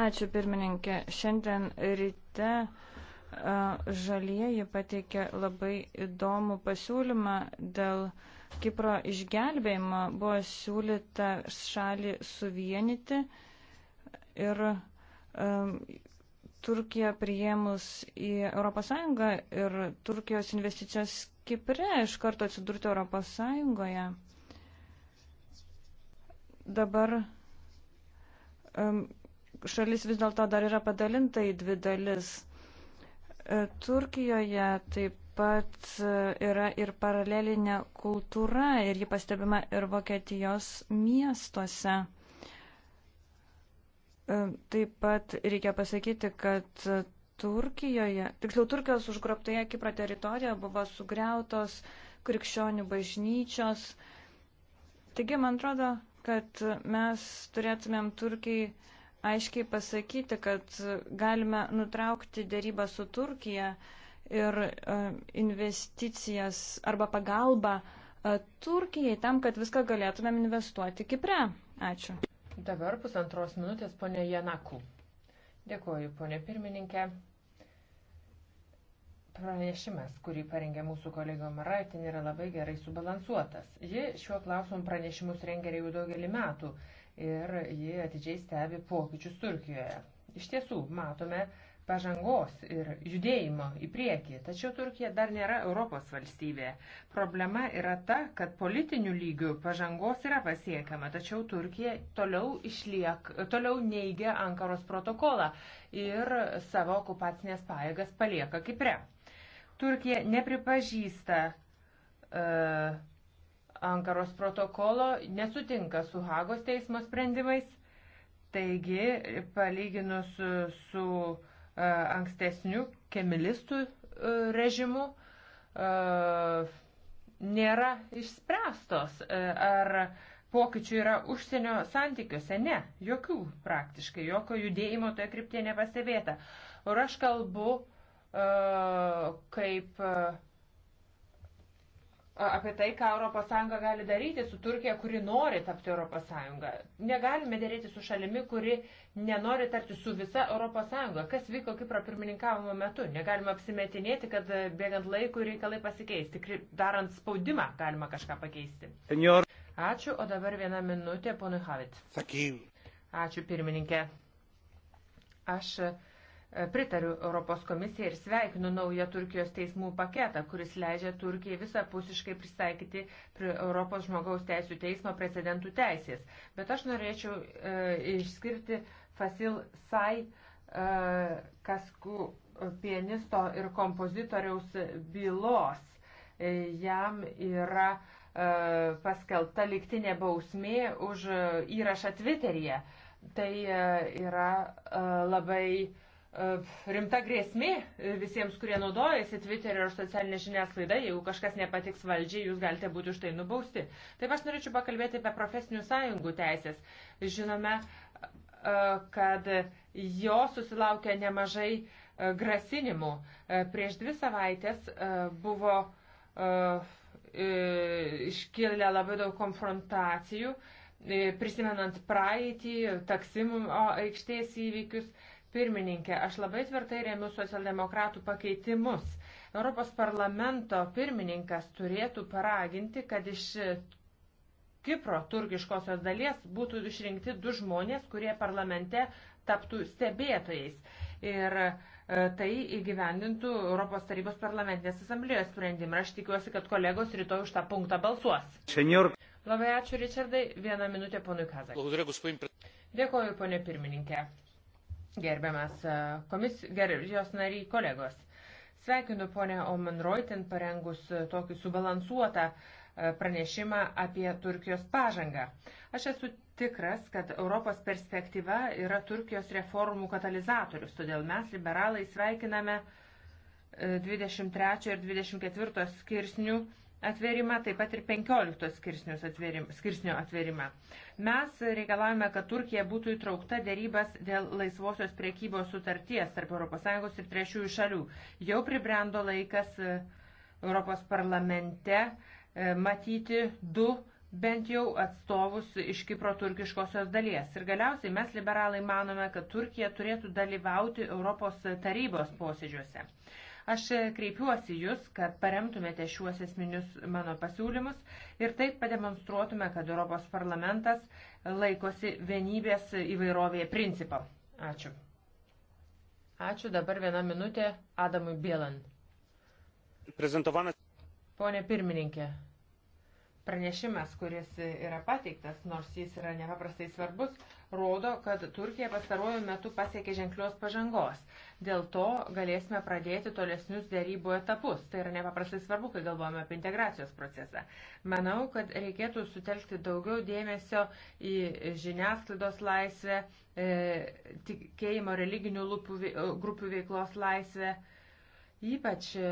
Ačiū pirmininkė. Šiandien ryte uh, žalieji pateikė labai įdomų pasiūlymą dėl uh, Kipro išgelbėjimą buvo siūlyta šalį suvienyti ir um, Turkija priėmus į ES ir Turkijos investicijos Kipre iš karto atsidurti ES. Dabar um, šalis vis dėlto dar yra padalinta į dvi dalis. E, Turkijoje taip pat e, yra ir paralelinė kultūra ir ji pastebima ir Vokietijos miestuose. E, taip pat reikia pasakyti, kad Turkijoje, tiksliau Turkijos užgrobtoje Kipro teritorijoje buvo sugriautos krikščionių bažnyčios. Taigi, man atrodo, kad mes turėtumėm Turkijai aiškiai pasakyti, kad galime nutraukti dėrybą su Turkija, uh, ir e, investicijas arba pagalbą e, Turkijai tam, kad viską galėtumėm investuoti Kipre. Ačiū. Dabar pusantros minutės ponė Janaku. Dėkuoju, ponė pirmininkė. Pranešimas, kurį parengė mūsų kolego Maraitin, yra labai gerai subalansuotas. Ji šiuo klausimu pranešimus rengia jau daugelį metų ir ji atidžiai stebi pokyčius Turkijoje. Iš tiesų, matome, pažangos ir judėjimo į priekį. Tačiau Turkija dar nėra Europos valstybė. Problema yra ta, kad politinių lygių pažangos yra pasiekiama, tačiau Turkija toliau, išliek, toliau neigia Ankaros protokolą ir savo okupacinės pajėgas palieka Kipre. Turkija nepripažįsta uh, Ankaros protokolo, nesutinka su Hagos teismo sprendimais. Taigi, palyginus su, su E, ankstesniu kemilistų e, režimu e, nėra išspręstos. Ar pokyčių yra užsienio santykiuose? Ne, jokių praktiškai, jokio judėjimo toje kryptėje nepastebėta. Ir aš kalbu kaip apie tai, ką ES gali daryti su Turkija, kuri nori tapti ES. Negalime dėrėti su šalimi, kuri nenori tarti su visa ES. Kas vyko Kipro pirmininkavimo metu? Negalime apsimetinėti, kad e, bėgant laikui reikalai pasikeis. Tik darant spaudimą galima kažką pakeisti. Senior. Ačiū, o dabar viena minutė, ponui Havit. Sakyv. Ačiū, pirmininkė. Aš uh, Pritariu Europos komisijai ir sveikinu naują Turkijos teismų paketą, kuris leidžia Turkijai visapusiškai pristaikyti prie Europos žmogaus teisų teismo precedentų teisės. Bet aš norėčiau e, išskirti Fasil Sai e, Kasku pianisto ir kompozitoriaus bylos. E, jam yra e, paskelbta liktinė bausmė už e, įrašą Twitteryje. Tai e, yra e, labai e, E, rimta grėsmė visiems, kurie naudojasi Twitterio ir socialinė žiniasklaida. Jeigu kažkas nepatiks valdžiai, jūs galite būti už tai nubausti. Taip aš norėčiau pakalbėti apie profesinių sąjungų teisės. Žinome, e, kad jo susilaukia nemažai e, grasinimų. Prieš dvi savaitės buvo iškilę labai daug konfrontacijų, prisimenant praeitį, taksimų aikštės įvykius Pirmininkė, aš labai tvirtai remiu socialdemokratų pakeitimus. Europos parlamento pirmininkas turėtų paraginti, kad iš Kipro turkiškosios dalies būtų išrinkti du žmonės, kurie parlamente taptų stebėtojais. Ir e, tai įgyvendintų Europos tarybos parlamentinės asamblėjos sprendimą. Aš tikiuosi, kad kolegos rytoj už tą punktą balsuos. Senior. Labai ačiū, Richardai. Vieną minutę ponui Kazakui. Dėkoju, ponė pirmininkė gerbiamas e, komisijos nariai kolegos. Sveikinu ponę Omenroitin parengus e, tokį subalansuotą e, pranešimą apie Turkijos pažangą. Aš esu tikras, kad Europos perspektyva yra Turkijos reformų katalizatorius, todėl mes liberalai sveikiname 23 ir 24 skirsnių atverimą, taip pat ir 15 atverim, skirsnio atverimą. Mes reikalavome, kad Turkija būtų įtraukta dėrybas dėl laisvosios priekybos sutarties tarp ES ir trečiųjų šalių. Jau pribrendo laikas e, Europos parlamente e, matyti du bent jau atstovus iš Kipro turkiškosios dalies. Ir galiausiai mes liberalai manome, kad Turkija turėtų dalyvauti Europos tarybos posėdžiuose. Aš kreipiuosi jūs, kad paremtumėte šiuos esminius mano pasiūlymus ir taip pademonstruotume, kad Europos parlamentas laikosi vienybės įvairovėje principo. Ačiū. Ačiū. Dabar viena minutė Adamui Bielan. Prezentovanas. Pone pirmininkė, pranešimas, kuris yra pateiktas, nors jis yra nepaprastai svarbus, rodo, kad Turkija pastaruoju metu pasiekė ženklios pažangos. Dėl to galėsime pradėti tolesnius dėrybų etapus. Tai yra nepaprastai svarbu, kai galvojame apie integracijos procesą. Manau, kad reikėtų sutelkti daugiau dėmesio į žiniasklaidos laisvę, e, tikėjimo religinių lūpų, e, grupių veiklos laisvę. Ypač e,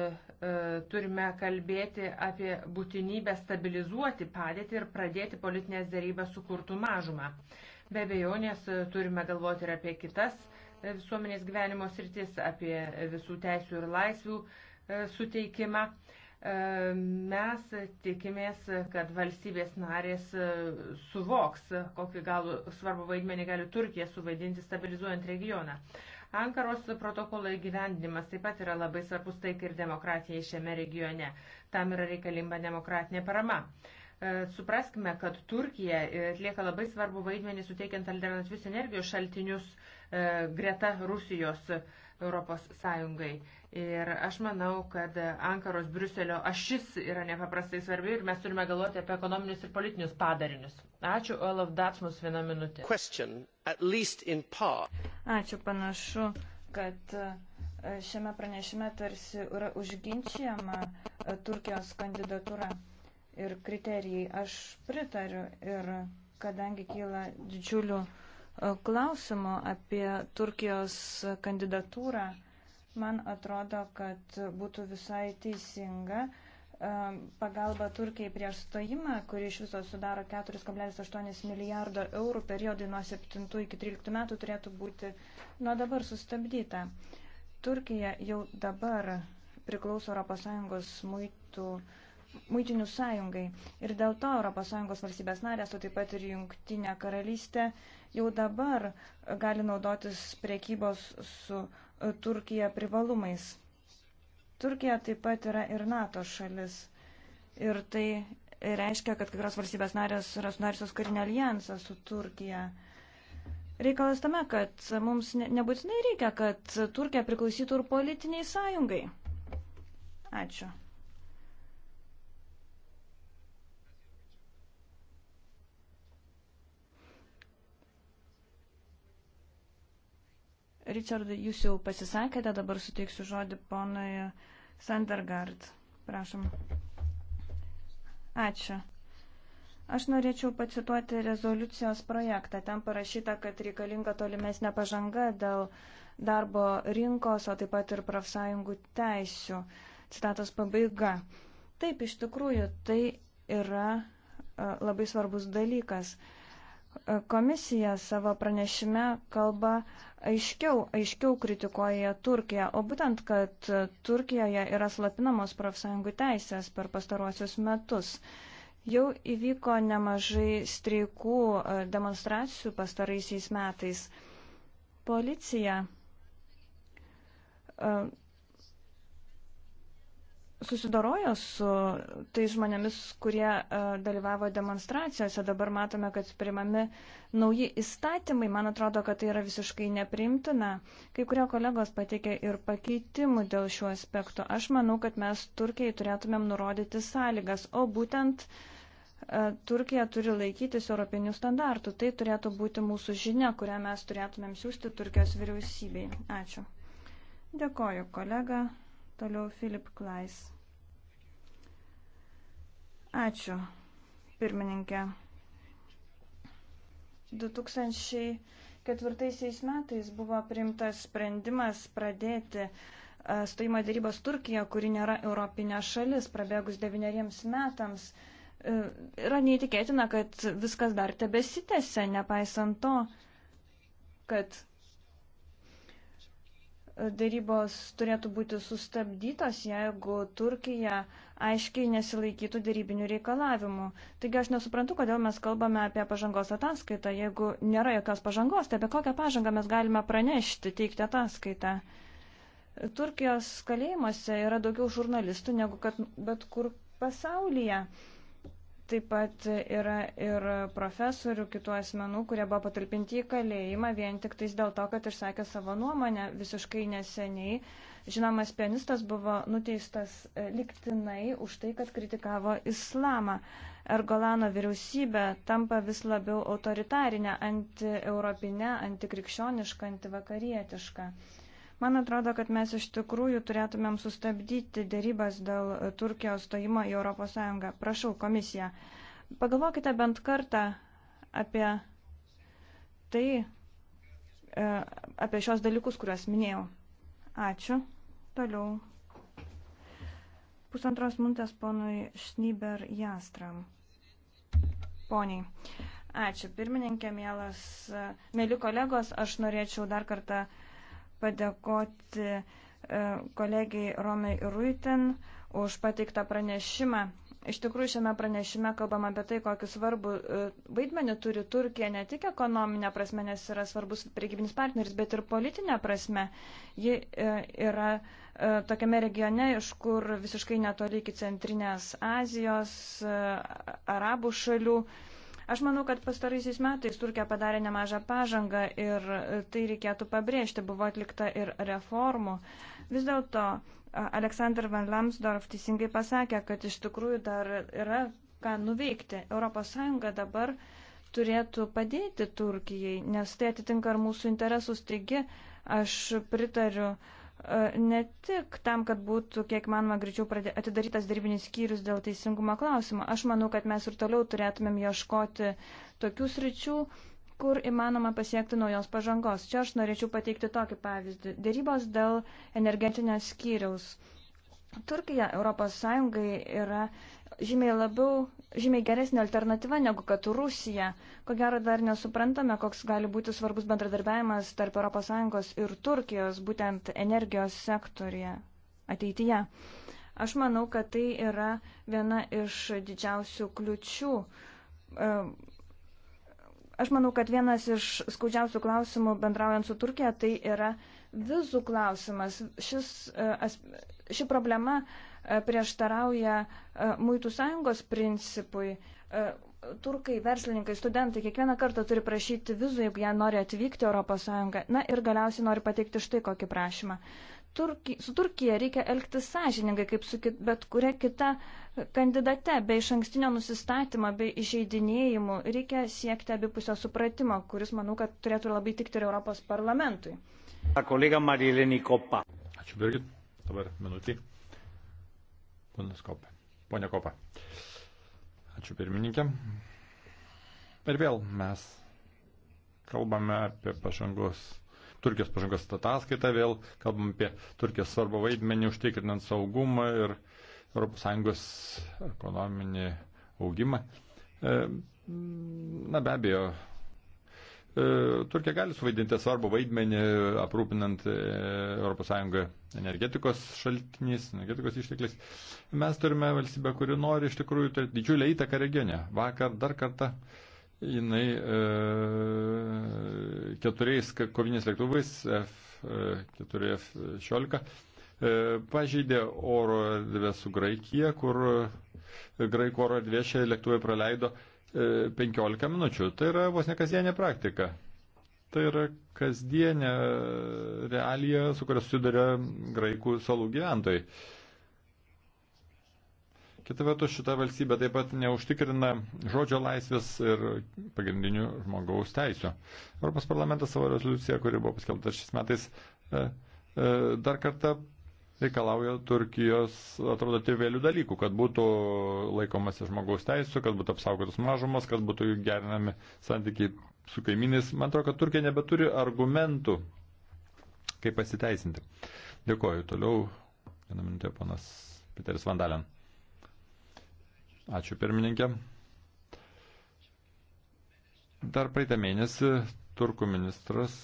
turime kalbėti apie būtinybę stabilizuoti padėtį ir pradėti politinės dėrybę su kurtų mažumą. Be abejonės e, turime galvoti ir apie kitas e, visuomenės gyvenimo sritis, apie e, visų teisų ir laisvių suteikimą. Mes tikimės, kad valstybės narės suvoks, kokį galų svarbu vaidmenį gali Turkija suvaidinti stabilizuojant regioną. Ankaros protokolo įgyvendinimas taip pat yra labai svarbus taikai ir demokratijai šiame regione. Tam yra reikalinga demokratinė parama. E, supraskime, kad Turkija atlieka labai svarbu vaidmenį suteikiant alternatyvius energijos šaltinius e, greta Rusijos Europos Sąjungai. Ir aš manau, kad Ankaros Briuselio ašis yra nepaprastai svarbi ir mes turime galvoti apie ekonominius ir politinius padarinius. Ačiū, Olaf Datsmus, vieną minutę. Question, Ačiū, panašu, kad e, šiame pranešime tarsi yra užginčiama Turkijos kandidatūra ir kriterijai. Aš pritariu ir kadangi kyla didžiulių e, klausimų apie Turkijos kandidatūrą, man atrodo, kad būtų visai teisinga e, pagalba Turkijai prieš stojimą, kuri iš viso sudaro 4,8 milijardo eurų periodai nuo 7 iki 13 metų turėtų būti nuo dabar sustabdyta. Turkija jau dabar priklauso ES muitų uh, muitinių sąjungai. Ir dėl to ES valstybės narės, o taip pat ir jungtinė karalystė, jau dabar gali naudotis priekybos su e, Turkija privalumais. Turkija taip pat yra ir NATO šalis. Ir tai reiškia, kad kai kurios valstybės narės yra sudariusios karinę alijansą su Turkija. Reikalas tame, kad mums ne, nebūtinai reikia, kad Turkija priklausytų ir politiniai sąjungai. Ačiū. Richardai, jūs jau pasisakėte, dabar suteiksiu žodį ponui Sandergaard. Prašom. Ačiū. Aš norėčiau pacituoti rezoliucijos projektą. Ten parašyta, kad reikalinga tolimesnė pažanga dėl darbo rinkos, o taip pat ir profsąjungų teisių. Citatos pabaiga. Taip, iš tikrųjų, tai yra e, labai svarbus dalykas. E, komisija savo pranešime kalba aiškiau, aiškiau kritikuoja Turkiją, o būtent, kad Turkijoje yra slapinamos profsąjungų teisės per pastaruosius metus. Jau įvyko nemažai streikų e, demonstracijų pastaraisiais metais. Policija e, susidorojo su tais žmonėmis, kurie e, dalyvavo demonstracijose. Dabar matome, kad primami nauji įstatymai. Man atrodo, kad tai yra visiškai nepriimtina. Kai kurie kolegos pateikė ir pakeitimų dėl šių aspektų. Aš manau, kad mes Turkijai turėtumėm nurodyti sąlygas, o būtent e, Turkija turi laikytis europinių standartų. Tai turėtų būti mūsų žinia, kurią mes turėtumėm siūsti Turkijos vyriausybei. Ačiū. Dėkoju, kolega. Toliau Filip Klais. Ačiū, pirmininkė. 2004 metais buvo priimtas sprendimas pradėti e, stojimo dėrybos Turkija, kuri nėra europinė šalis, prabėgus devyneriems metams. E, yra neįtikėtina, kad viskas dar tebesitėse, nepaisant to, kad darybos turėtų būti sustabdytos, jeigu Turkija aiškiai nesilaikytų darybinių reikalavimų. Taigi aš nesuprantu, kodėl mes kalbame apie pažangos ataskaitą. Jeigu nėra jokios pažangos, tai apie kokią pažangą mes galime pranešti, teikti ataskaitą. Turkijos kalėjimuose yra daugiau žurnalistų negu kad bet kur pasaulyje. Taip pat yra ir profesorių, kitų asmenų, kurie buvo patalpinti į kalėjimą vien tik tais dėl to, kad išsakė savo nuomonę visiškai neseniai. Žinomas pianistas buvo nuteistas e, liktinai už tai, kad kritikavo islamą. Ergolano vyriausybė tampa vis labiau autoritarinė, antieuropinė, antikrikščioniška, antivakarietiška. Uh, Man atrodo, kad mes iš tikrųjų turėtumėm sustabdyti dėrybas dėl Turkijos stojimo į ES. Prašau, komisija, pagalvokite bent kartą apie tai, e, apie šios dalykus, kuriuos minėjau. Ačiū. Toliau. Pusantros mintės ponui Šnyber Jastram. Poniai. Ačiū pirmininkė, mielas, e, mėly kolegos, aš norėčiau dar kartą uh, padėkoti e, kolegijai Romai Ruiten už pateiktą pranešimą. Iš tikrųjų, šiame pranešime kalbam apie tai, kokį svarbų e, vaidmenį turi Turkija, ne tik ekonominė prasme, nes yra svarbus priekybinis partneris, bet ir politinė prasme. Ji e, yra tokiame regione, iš kur visiškai netoli iki Centrinės Azijos, Arabų šalių. Aš manau, kad pastaraisiais metais Turkija padarė nemažą pažangą ir e, tai reikėtų pabrėžti, buvo atlikta ir reformų. Vis dėlto Aleksandr Van Lamsdorf teisingai pasakė, kad iš tikrųjų dar yra ką nuveikti. ES dabar turėtų padėti Turkijai, nes tai atitinka ir mūsų interesus. Taigi aš pritariu uh, E, ne tik tam, kad būtų kiek manoma greičiau atidarytas darbinis skyrius dėl teisingumo klausimo. Aš manau, kad mes ir toliau turėtumėm ieškoti tokių sričių, kur įmanoma pasiekti naujos pažangos. Čia aš norėčiau pateikti tokį pavyzdį. Dėrybos dėl energetinės skyriaus. Turkija Europos Sąjungai yra uh, žymiai labiau, žymiai geresnė alternatyva negu kad Rusija. Ko gero dar nesuprantame, koks gali būti svarbus bendradarbiavimas tarp ES ir Turkijos, būtent energijos sektorija ateityje. Aš manau, kad tai yra viena iš didžiausių kliučių. E, aš manau, kad vienas iš skaudžiausių klausimų bendraujant su Turkija tai yra vizų klausimas. Šis, e, ši problema prieštarauja e, muitų sąjungos principui. E, turkai, verslininkai, studentai kiekvieną kartą turi prašyti vizų, jeigu jie nori atvykti ES. Na ir galiausiai nori pateikti štai kokį prašymą. Turki, su Turkija reikia elgtis sąžiningai, kaip su kit, bet kuria kita kandidate, be iš ankstinio nusistatymo, be išeidinėjimų. Reikia siekti abipusio supratimo, kuris, manau, kad turėtų labai tikti ir Europos parlamentui. Kolega Marilenė Kopa. Ačiū, Birgit. Dabar minutį. Ponas Kopė. Pone Kopa. Ačiū pirmininkė. Ir vėl mes kalbame apie pažangos, Turkijos pažangos ataskaitą, vėl kalbame apie Turkijos svarbą vaidmenį užtikrinant saugumą ir ES ekonominį augimą. E, na be abejo, E, Turkija gali suvaidinti svarbu vaidmenį, e, aprūpinant ES energetikos šaltiniais, energetikos ištekliais. Mes turime valstybę, kuri nori iš tikrųjų turėti didžiulę įtaką regione. Vakar dar kartą jinai e, keturiais koviniais lėktuvais F4F16 e, pažeidė oro erdvę su Graikija, kur graikų oro erdvė šie lėktuvai praleido 15 e, minučių. Tai yra vos ne kasdienė praktika. Tai yra kasdienė realija, su kuria susiduria graikų salų gyventojai. Kita vertus, šita valstybė taip pat neužtikrina žodžio laisvės ir pagrindinių žmogaus teisų. Europos parlamentas savo rezoliuciją, kuri buvo paskelbta šis metais, e, e, dar kartą reikalauja Turkijos, atrodo, tėvelių dalykų, kad būtų laikomasi žmogaus teisų, kad būtų apsaugotos mažumas, kad būtų gerinami santykiai su kaimynais. Man atrodo, kad Turkija nebeturi argumentų, kaip pasiteisinti. Dėkoju. Toliau, vieną minutę, panas Piteris Vandalen. Ačiū, pirmininkė. Dar praeitą mėnesį turkų ministras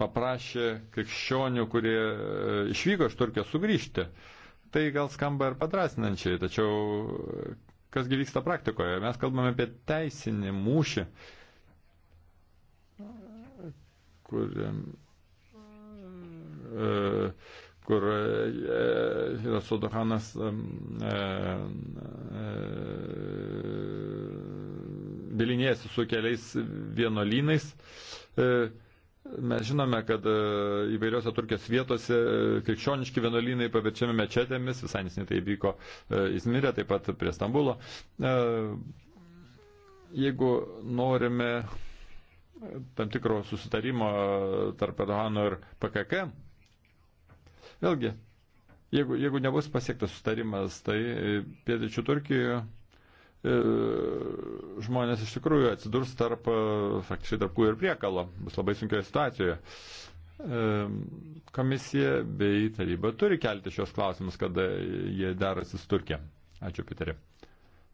paprašė krikščionių, kurie e, išvyko iš Turkijos sugrįžti. Tai gal skamba ir padrasinančiai, tačiau e, kasgi vyksta praktikoje? Mes kalbame apie teisinį mūšį, e, kur, kur Sodohanas bilinėjasi su keliais vienolynais. E, Mes žinome, kad e, įvairiose Turkijos vietose e, krikščioniški vienuolynai paverčiami mečetėmis, visai nesiniai tai vyko e, Izmirė, taip pat prie Stambulo. Jeigu norime tam tikro susitarimo tarp Erdoano ir PKK, vėlgi, jeigu, jeigu nebus pasiektas susitarimas, tai pietryčių Turkijoje žmonės iš tikrųjų atsidurs tarp, e, faktiškai, tarp kūjų ir priekalo. Bus labai sunkioje situacijoje. E, komisija bei taryba turi kelti šios klausimus, kada jie derasi su Turkija. Ačiū, Piterė.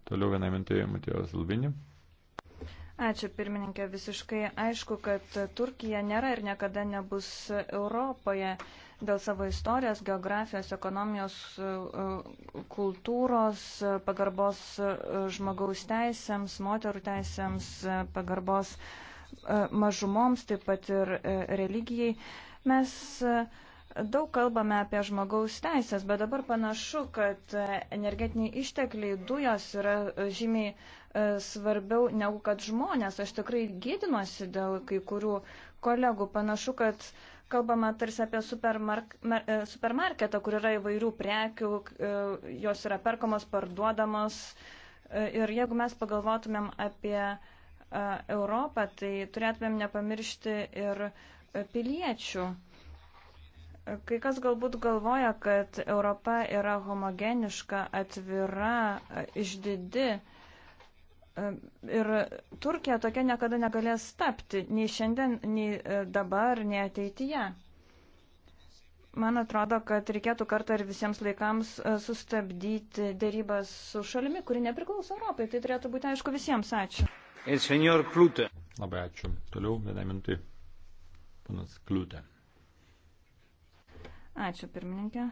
Toliau vieną minutę Matijos Lubinį. Ačiū pirmininkė, visiškai aišku, kad Turkija nėra ir niekada nebus Europoje dėl savo istorijos, geografijos, ekonomijos, e, e, kultūros, pagarbos e, žmogaus teisėms, moterų teisėms, pagarbos mažumoms, taip pat ir religijai. Mes daug kalbame apie žmogaus teisės, bet dabar panašu, kad energetiniai ištekliai dujos yra žymiai svarbiau negu kad žmonės. Aš tikrai gėdinuosi dėl kai kurių kolegų. Panašu, kad uh, kalbama tarsi apie supermark, mer, e, supermarketą, kur yra įvairių prekių, e, jos yra perkamos, parduodamos. E, ir jeigu mes pagalvotumėm apie Europą, tai turėtumėm nepamiršti ir piliečių. Kai kas galbūt galvoja, kad Europa yra homogeniška, atvira, išdidi. Ir Turkija tokia niekada negalės tapti, nei šiandien, nei e, dabar, nei ateityje. Man atrodo, kad reikėtų kartą ir visiems laikams e, sustabdyti dėrybas su šalimi, kuri nepriklauso Europai. Tai turėtų būti aišku visiems. Ačiū. Ir senior Kliūtė. Labai ačiū. Toliau vieną minutį. Panas Kliūtė. Ačiū, pirmininkė.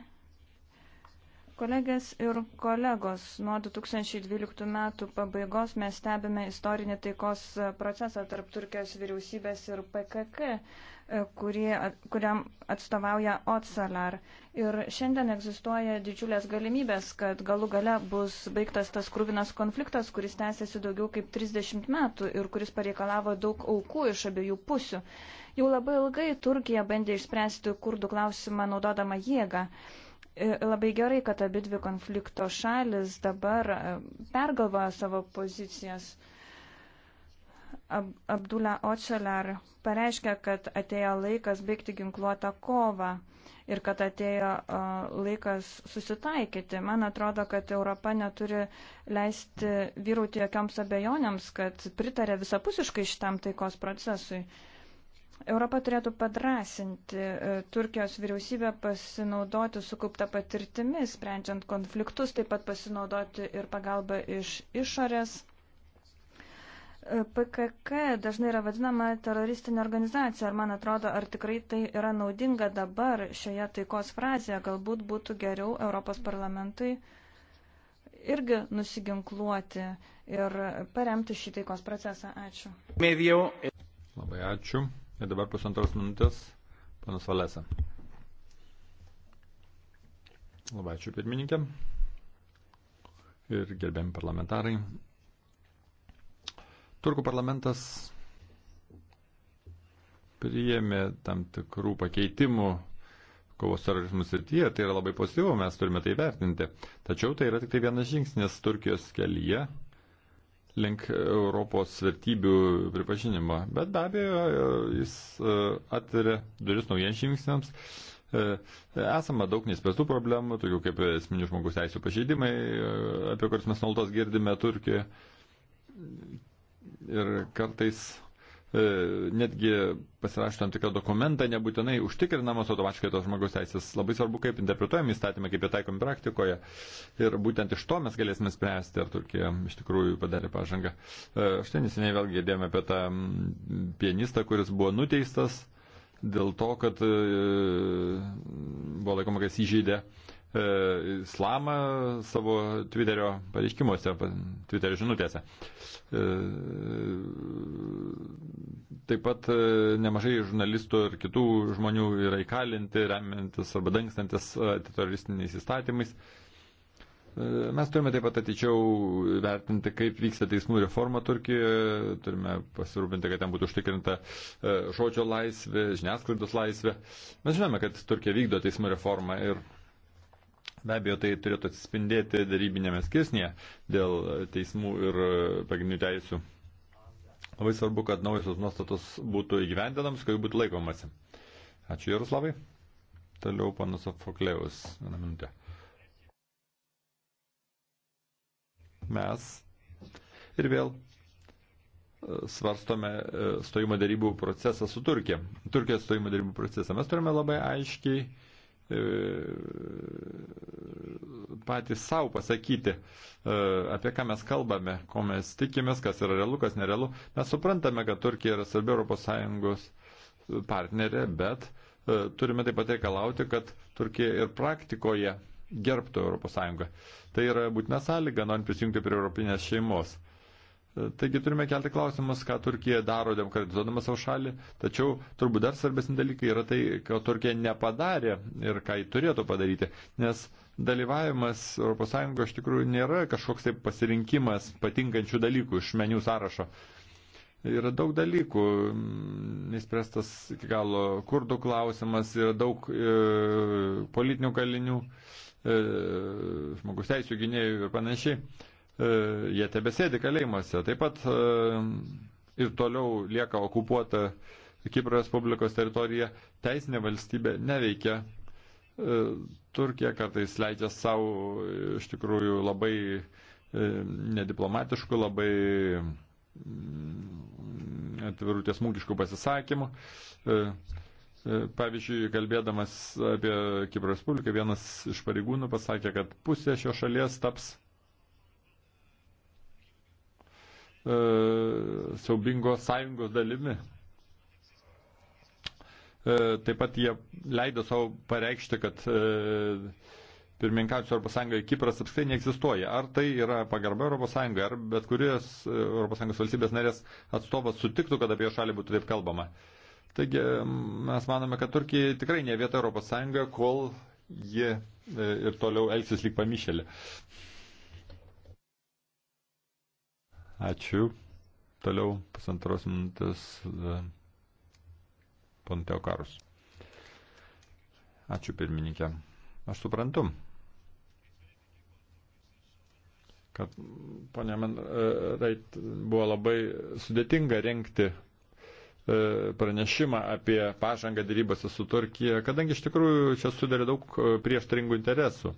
Kolegės ir kolegos, nuo 2012 metų pabaigos mes stebime istorinį taikos procesą tarp Turkijos vyriausybės ir PKK, e, kurie, kuriam atstovauja Otsalar. Ir šiandien egzistuoja didžiulės galimybės, kad galų gale bus baigtas tas krūvinas konfliktas, kuris tęsiasi daugiau kaip 30 metų ir kuris pareikalavo daug aukų iš abiejų pusių. Jau labai ilgai Turkija bandė išspręsti kurdų klausimą naudodama jėgą. E, labai gerai, kad abi dvi konflikto šalis dabar e, pergalvoja savo pozicijas. Ab Abdullah Očelar pareiškia, kad atėjo laikas baigti ginkluotą kovą ir kad atėjo uh, laikas susitaikyti. Man atrodo, kad Europa neturi leisti vyrauti jokioms abejonėms, kad pritarė visapusiškai šitam taikos procesui. Uh, Europa turėtų padrasinti e, Turkijos vyriausybę pasinaudoti sukauptą patirtimį, sprendžiant konfliktus, taip pat pasinaudoti ir pagalbą iš išorės. E, PKK dažnai yra vadinama teroristinė organizacija. Ar man atrodo, ar tikrai tai yra naudinga dabar šioje taikos frazėje? Galbūt būtų geriau Europos parlamentui irgi nusiginkluoti ir paremti šį taikos procesą. Ačiū. Labai ačiū. Ir dabar pusantros minutės, panas Valesa. Labai ačiū pirmininkė ir gerbiami parlamentarai. Turkų parlamentas priėmė tam tikrų pakeitimų kovos terorizmų srityje, tai yra labai pozityvu, mes turime tai vertinti. Tačiau tai yra tik tai vienas žingsnis Turkijos kelyje link Europos vertybių pripažinimo. Bet be abejo, jis e, atveria duris naujiems žingsniams. E, esama daug neįspręstų problemų, tokių kaip esminių žmogus teisų pažeidimai, e, apie kuriuos mes nuolatos girdime Turkijoje. Ir kartais E, netgi pasirašo tam tikrą dokumentą, nebūtinai užtikrinamos automatiškai tos žmogaus teisės. Labai svarbu, kaip interpretuojami įstatymai, kaip jie taikomi praktikoje. Ir būtent iš to mes galėsime spręsti, ar Turkija iš tikrųjų padarė pažangą. E, štai neseniai vėlgi girdėjome apie tą pianistą, kuris buvo nuteistas dėl to, kad e, buvo laikoma, kad jis įžeidė uh, E, islamą savo Twitterio pareiškimuose, Twitterio žinutėse. E, taip pat e, nemažai žurnalistų ir kitų žmonių yra įkalinti, remintis arba dangstantis teroristiniais įstatymais. Mes turime taip pat ateičiau vertinti, kaip vyksta teismų reforma Turkijoje, turime pasirūpinti, kad ten būtų užtikrinta žodžio laisvė, žiniasklaidos laisvė. Mes žinome, kad Turkija vykdo teismų reformą ir Be abejo, tai turėtų atsispindėti darybinėme skirsnėje dėl teismų ir pagrindinių teisų. Labai svarbu, kad naujosios nuostatos būtų įgyvendinamos, kad jų būtų laikomasi. Ačiū Jaroslavai. Toliau panas Afoklėjus. Vieną minutę. Mes ir vėl e, svarstome e, stojimo darybų procesą su Turkija. Turkijos stojimo darybų procesą. Mes turime labai aiškiai E, patys savo pasakyti, e, apie ką mes kalbame, ko mes tikimės, kas yra realu, kas nerealu. Mes suprantame, kad Turkija yra svarbi ES partnerė, bet e, turime taip pat reikalauti, kad Turkija ir praktikoje gerbtų ES. Tai yra būtina sąlyga, norint prisijungti prie Europinės šeimos. Taigi turime kelti klausimus, ką Turkija daro demokratizuodama savo šalį, tačiau turbūt dar svarbesni dalykai yra tai, ko Turkija nepadarė ir ką jį turėtų padaryti, nes dalyvavimas ES iš tikrųjų nėra kažkoks tai pasirinkimas patinkančių dalykų iš menių sąrašo. Yra daug dalykų, nespręstas mm, iki galo kurdų klausimas, yra daug e, politinių kalinių, e, žmogus teisų gynėjų ir panašiai. E, E, jie tebesėdi kalėjimuose. Taip pat e, ir toliau lieka okupuota Kipro Respublikos teritorija, teisinė valstybė neveikia. E, Turkija kartais leidžia savo iš tikrųjų labai nediplomatiškų, labai mm, atvirų tiesmūkiškų pasisakymų. Pavyzdžiui, kalbėdamas apie Kipro Respubliką, vienas iš pareigūnų pasakė, kad pusė šios šalies taps E, siaubingos sąjungos dalimi. E, taip pat jie leido savo pareikšti, kad e, pirmininkaujančio Europos Sąjungoje Kipras apskritai neegzistuoja. Ar tai yra pagarba Europos Sąjungoje, ar bet kurios Europos Sąjungos valstybės narės atstovas sutiktų, kad apie jo šalį būtų taip kalbama. Taigi mes manome, kad Turkija tikrai ne vieta Europos Sąjungoje, kol ji ir toliau elgsis lyg pamišėlė. Ačiū. Toliau pusantros minutės e, Ponteo Karus. Ačiū pirmininkė. Aš suprantu, kad ponia Menrait e, buvo labai sudėtinga renkti e, pranešimą apie pažangą dėrybose su Turkija, kadangi iš tikrųjų čia sudarė daug prieštaringų interesų.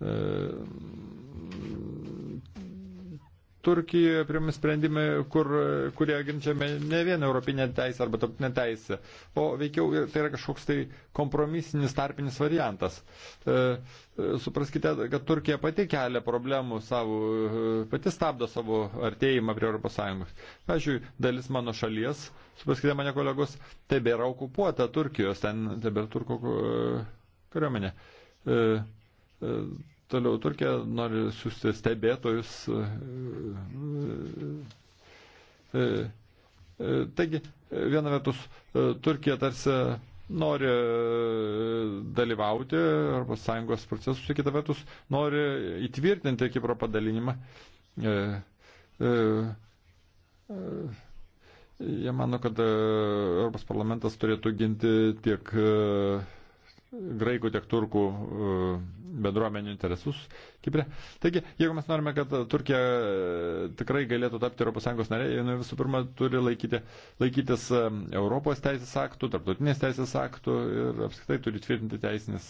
E, Turkijoje priimami sprendimai, kur, kurie ginčiame ne vieną europinę teisę arba tautinę teisę, o veikiau tai yra kažkoks tai kompromisinis tarpinis variantas. E, e supraskite, kad Turkija pati kelia problemų savo, e, pati stabdo savo artėjimą prie ES. Pavyzdžiui, dalis mano šalies, supraskite mane kolegos, tebėra okupuota Turkijos, ten tebėra turko kariuomenė. E, E, toliau Turkija nori siūsti stebėtojus. E, e, taigi, viena vertus, Turkija tarsi nori dalyvauti Europos Sąjungos procesus, kita vertus, nori įtvirtinti Kipro padalinimą. Jie mano, kad Europos parlamentas turėtų ginti tiek graikų, tiek turkų e, bendruomenių interesus Kiprė. Taigi, jeigu mes norime, kad Turkija e, tikrai galėtų tapti ES narė, jinai visų pirma turi laikyti, laikytis e, Europos teisės aktų, tarptautinės teisės aktų ir apskritai turi tvirtinti teisinės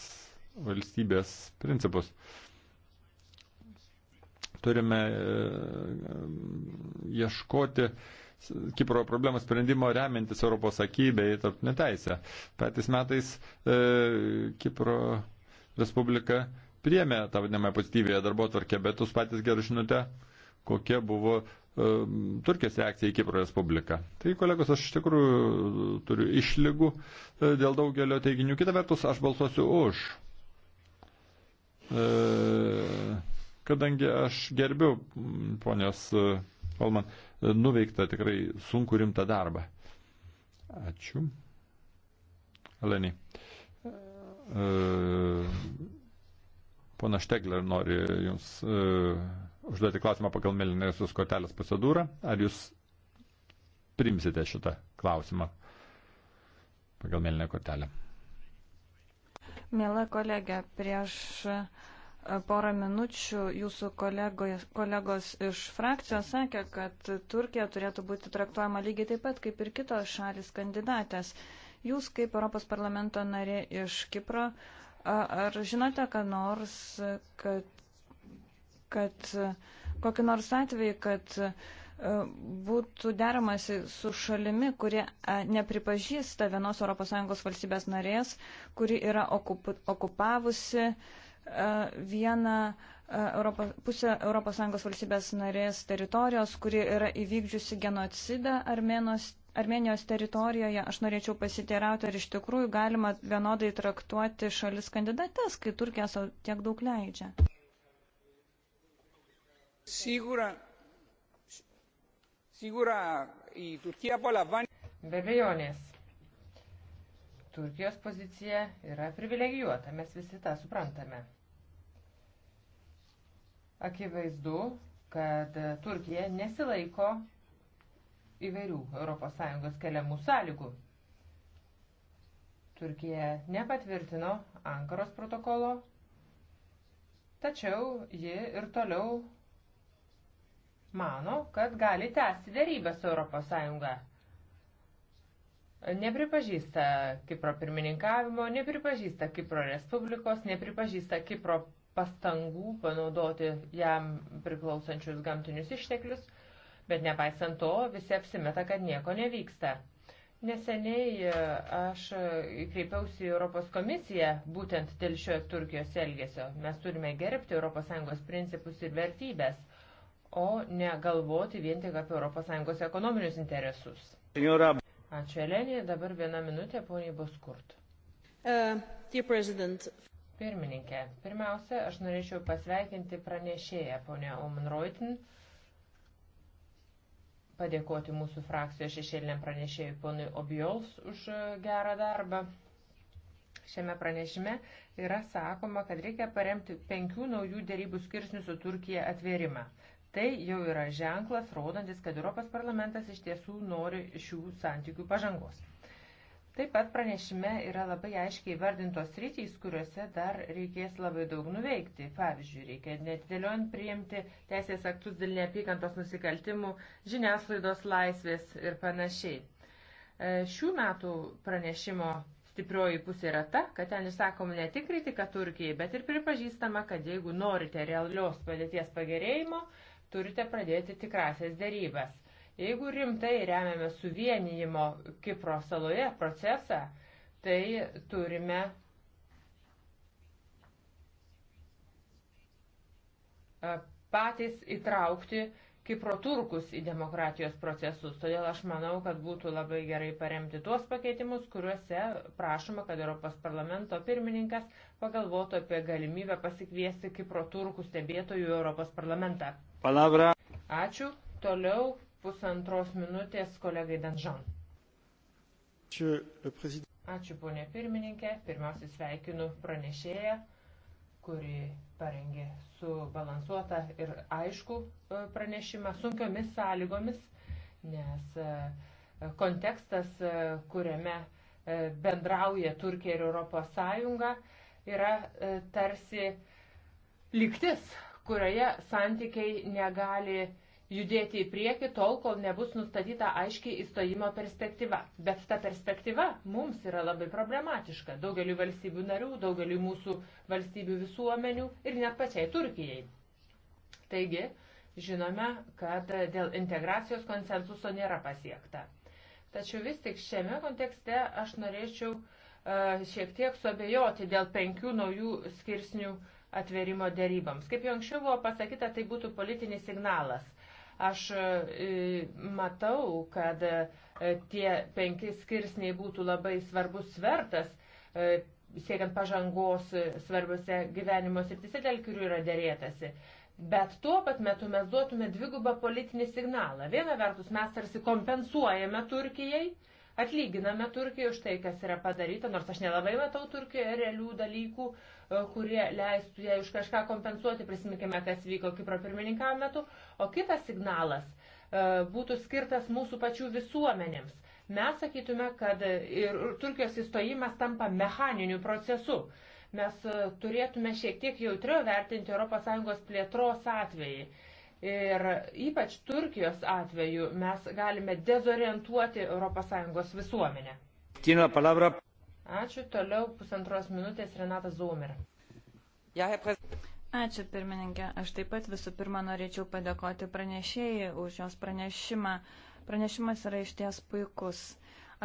valstybės principus. Turime ieškoti uh, Kipro problemų sprendimo remiantis Europos akybę į tarptinę teisę. Patys metais e, Kipro Respublika priemė tą vadinamą pozityvėje darbo tvarkę, bet jūs patys gerai žinote, kokia buvo e, Turkijos reakcija į Kipro Respubliką. Tai, kolegos, aš iš tikrųjų turiu išlygų e, dėl daugelio teiginių. Kita vertus, aš balsuosiu už. E, kadangi aš gerbiu ponios Olman, e, nuveikta tikrai sunku rimtą darbą. Ačiū. Aleni. E, Pana Štegler nori Jums e, užduoti klausimą pagal mėlynėsios kortelės procedūrą. Ar Jūs primsite šitą klausimą pagal mėlynę kortelę? Mėla kolegė, prieš uh, porą minučių jūsų kolegos, kolegos iš frakcijos sakė, kad Turkija turėtų būti traktuojama lygiai taip pat kaip ir kitos šalis kandidatės. Jūs kaip Europos parlamento narė iš Kipro, ar žinote, kad nors, kad, kad kokį nors atvejį, kad būtų deramasi su šalimi, kurie nepripažįsta vienos ES valstybės narės, kuri yra okupavusi uh, vieną e, Europos, pusę ES valstybės narės teritorijos, kuri yra įvykdžiusi genocidą Armenos, Armenijos teritorijoje. Aš norėčiau pasiteirauti, ar iš tikrųjų galima vienodai traktuoti šalis kandidates, kai Turkija savo tiek daug leidžia. Sigura, sigura į Turkiją palavanį. Be bejonės Turkijos pozicija yra privilegijuota, mes visi tą suprantame. Akivaizdu, kad Turkija nesilaiko įvairių ES keliamų sąlygų. Turkija nepatvirtino Ankaros protokolo, tačiau ji ir toliau mano, kad gali tęsti dėrybę su ES nepripažįsta Kipro pirmininkavimo, nepripažįsta Kipro Respublikos, nepripažįsta Kipro pastangų panaudoti jam priklausančius gamtinius išteklius, bet nepaisant to visi apsimeta, kad nieko nevyksta. Neseniai e, aš kreipiausi į Europos komisiją būtent dėl šio Turkijos elgesio. Mes turime gerbti ES principus ir vertybės, o ne galvoti vien tik apie ES ekonominius interesus. Senora. Ačiū, Elenė. Dabar viena minutė, poniai Boskurt. Uh, Pirmininkė, pirmiausia, aš norėčiau pasveikinti pranešėją, ponę Omenroitin, padėkoti mūsų frakcijos šešėliniam pranešėjui, ponui Obiols, už uh, gerą darbą. Šiame pranešime yra sakoma, kad reikia paremti penkių naujų dėrybų skirsnių su Turkija atvėrimą. Tai jau yra ženklas, rodantis, kad Europos parlamentas iš tiesų nori šių santykių pažangos. Taip pat pranešime yra labai aiškiai vardintos rytys, kuriuose dar reikės labai daug nuveikti. Pavyzdžiui, reikia netidėliojant priimti teisės aktus dėl neapykantos nusikaltimų, žiniasklaidos laisvės ir panašiai. E, šių metų pranešimo stiprioji pusė yra ta, kad ten išsakoma ne tik kritika Turkijai, bet ir pripažįstama, kad jeigu norite realios padėties pagerėjimo, turite pradėti tikrasias dėrybas. Jeigu rimtai remiame suvienijimo Kipro saloje procesą, tai turime e, patys įtraukti Kipro turkus į demokratijos procesus. Todėl aš manau, kad būtų labai gerai paremti tuos pakeitimus, kuriuose prašoma, kad Europos parlamento pirmininkas pagalvotų apie galimybę pasikviesti Kipro turkų stebėtojų Europos parlamentą. Palavra. Ačiū. Toliau pusantros minutės kolegai Danžan. Ačiū, ponė pirmininkė. Pirmiausia, sveikinu pranešėją, kuri parengė subalansuotą ir aišku e, pranešimą sunkiomis sąlygomis, nes e, kontekstas, e, kuriame bendrauja Turkija ir Europos Sąjunga, yra tarsi lygtis kurioje santykiai negali judėti į priekį tol, kol nebus nustatyta aiškiai įstojimo perspektyva. Bet ta perspektyva mums yra labai problematiška daugeliu valstybių narių, daugeliu mūsų valstybių visuomenių ir net pačiai Turkijai. Taigi, žinome, kad dėl integracijos konsensuso nėra pasiekta. Tačiau vis tik šiame kontekste aš norėčiau uh, šiek tiek suabejoti dėl penkių naujų skirsnių uh, atverimo dėryboms. Kaip jau anksčiau buvo pasakyta, tai būtų politinis signalas. Aš e, matau, kad e, tie penki skirsniai būtų labai svarbus svertas, e, siekiant pažangos svarbiose gyvenimo srityse, dėl kurių yra dėrėtasi. Bet tuo pat metu mes duotume dvigubą politinį signalą. Viena vertus mes tarsi kompensuojame Turkijai, uh, Atlyginame Turkiją už tai, kas yra padaryta, nors aš nelabai matau Turkijoje realių dalykų, e, kurie leistų ją už kažką kompensuoti, prisiminkime, kas vyko Kipro pirmininkavimo metu. O kitas signalas e, būtų skirtas mūsų pačių visuomenėms. Mes sakytume, kad ir Turkijos įstojimas tampa mechaniniu procesu. Mes e, turėtume šiek tiek jautriau vertinti ES plėtros atvejį Ir ypač Turkijos atveju mes galime dezorientuoti ES visuomenę. Ačiū. Toliau pusantros minutės Renatas Zomer. Ačiū pirmininkė. Aš taip pat visų pirma norėčiau padėkoti pranešėjai už jos pranešimą. Pranešimas yra išties puikus.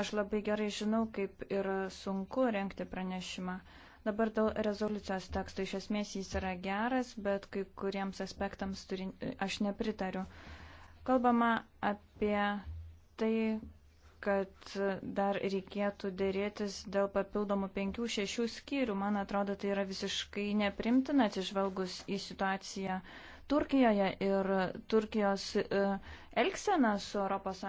Aš labai gerai žinau, kaip yra sunku renkti pranešimą. Uh, Dabar dėl rezoliucijos teksto iš esmės jis yra geras, bet kai kuriems aspektams turi, aš nepritariu. Kalbama apie tai, kad dar reikėtų dėrėtis dėl papildomų penkių, šešių skyrių. Man atrodo, tai yra visiškai neprimtina atsižvelgus į situaciją Turkijoje ir Turkijos e, elgseną su ES.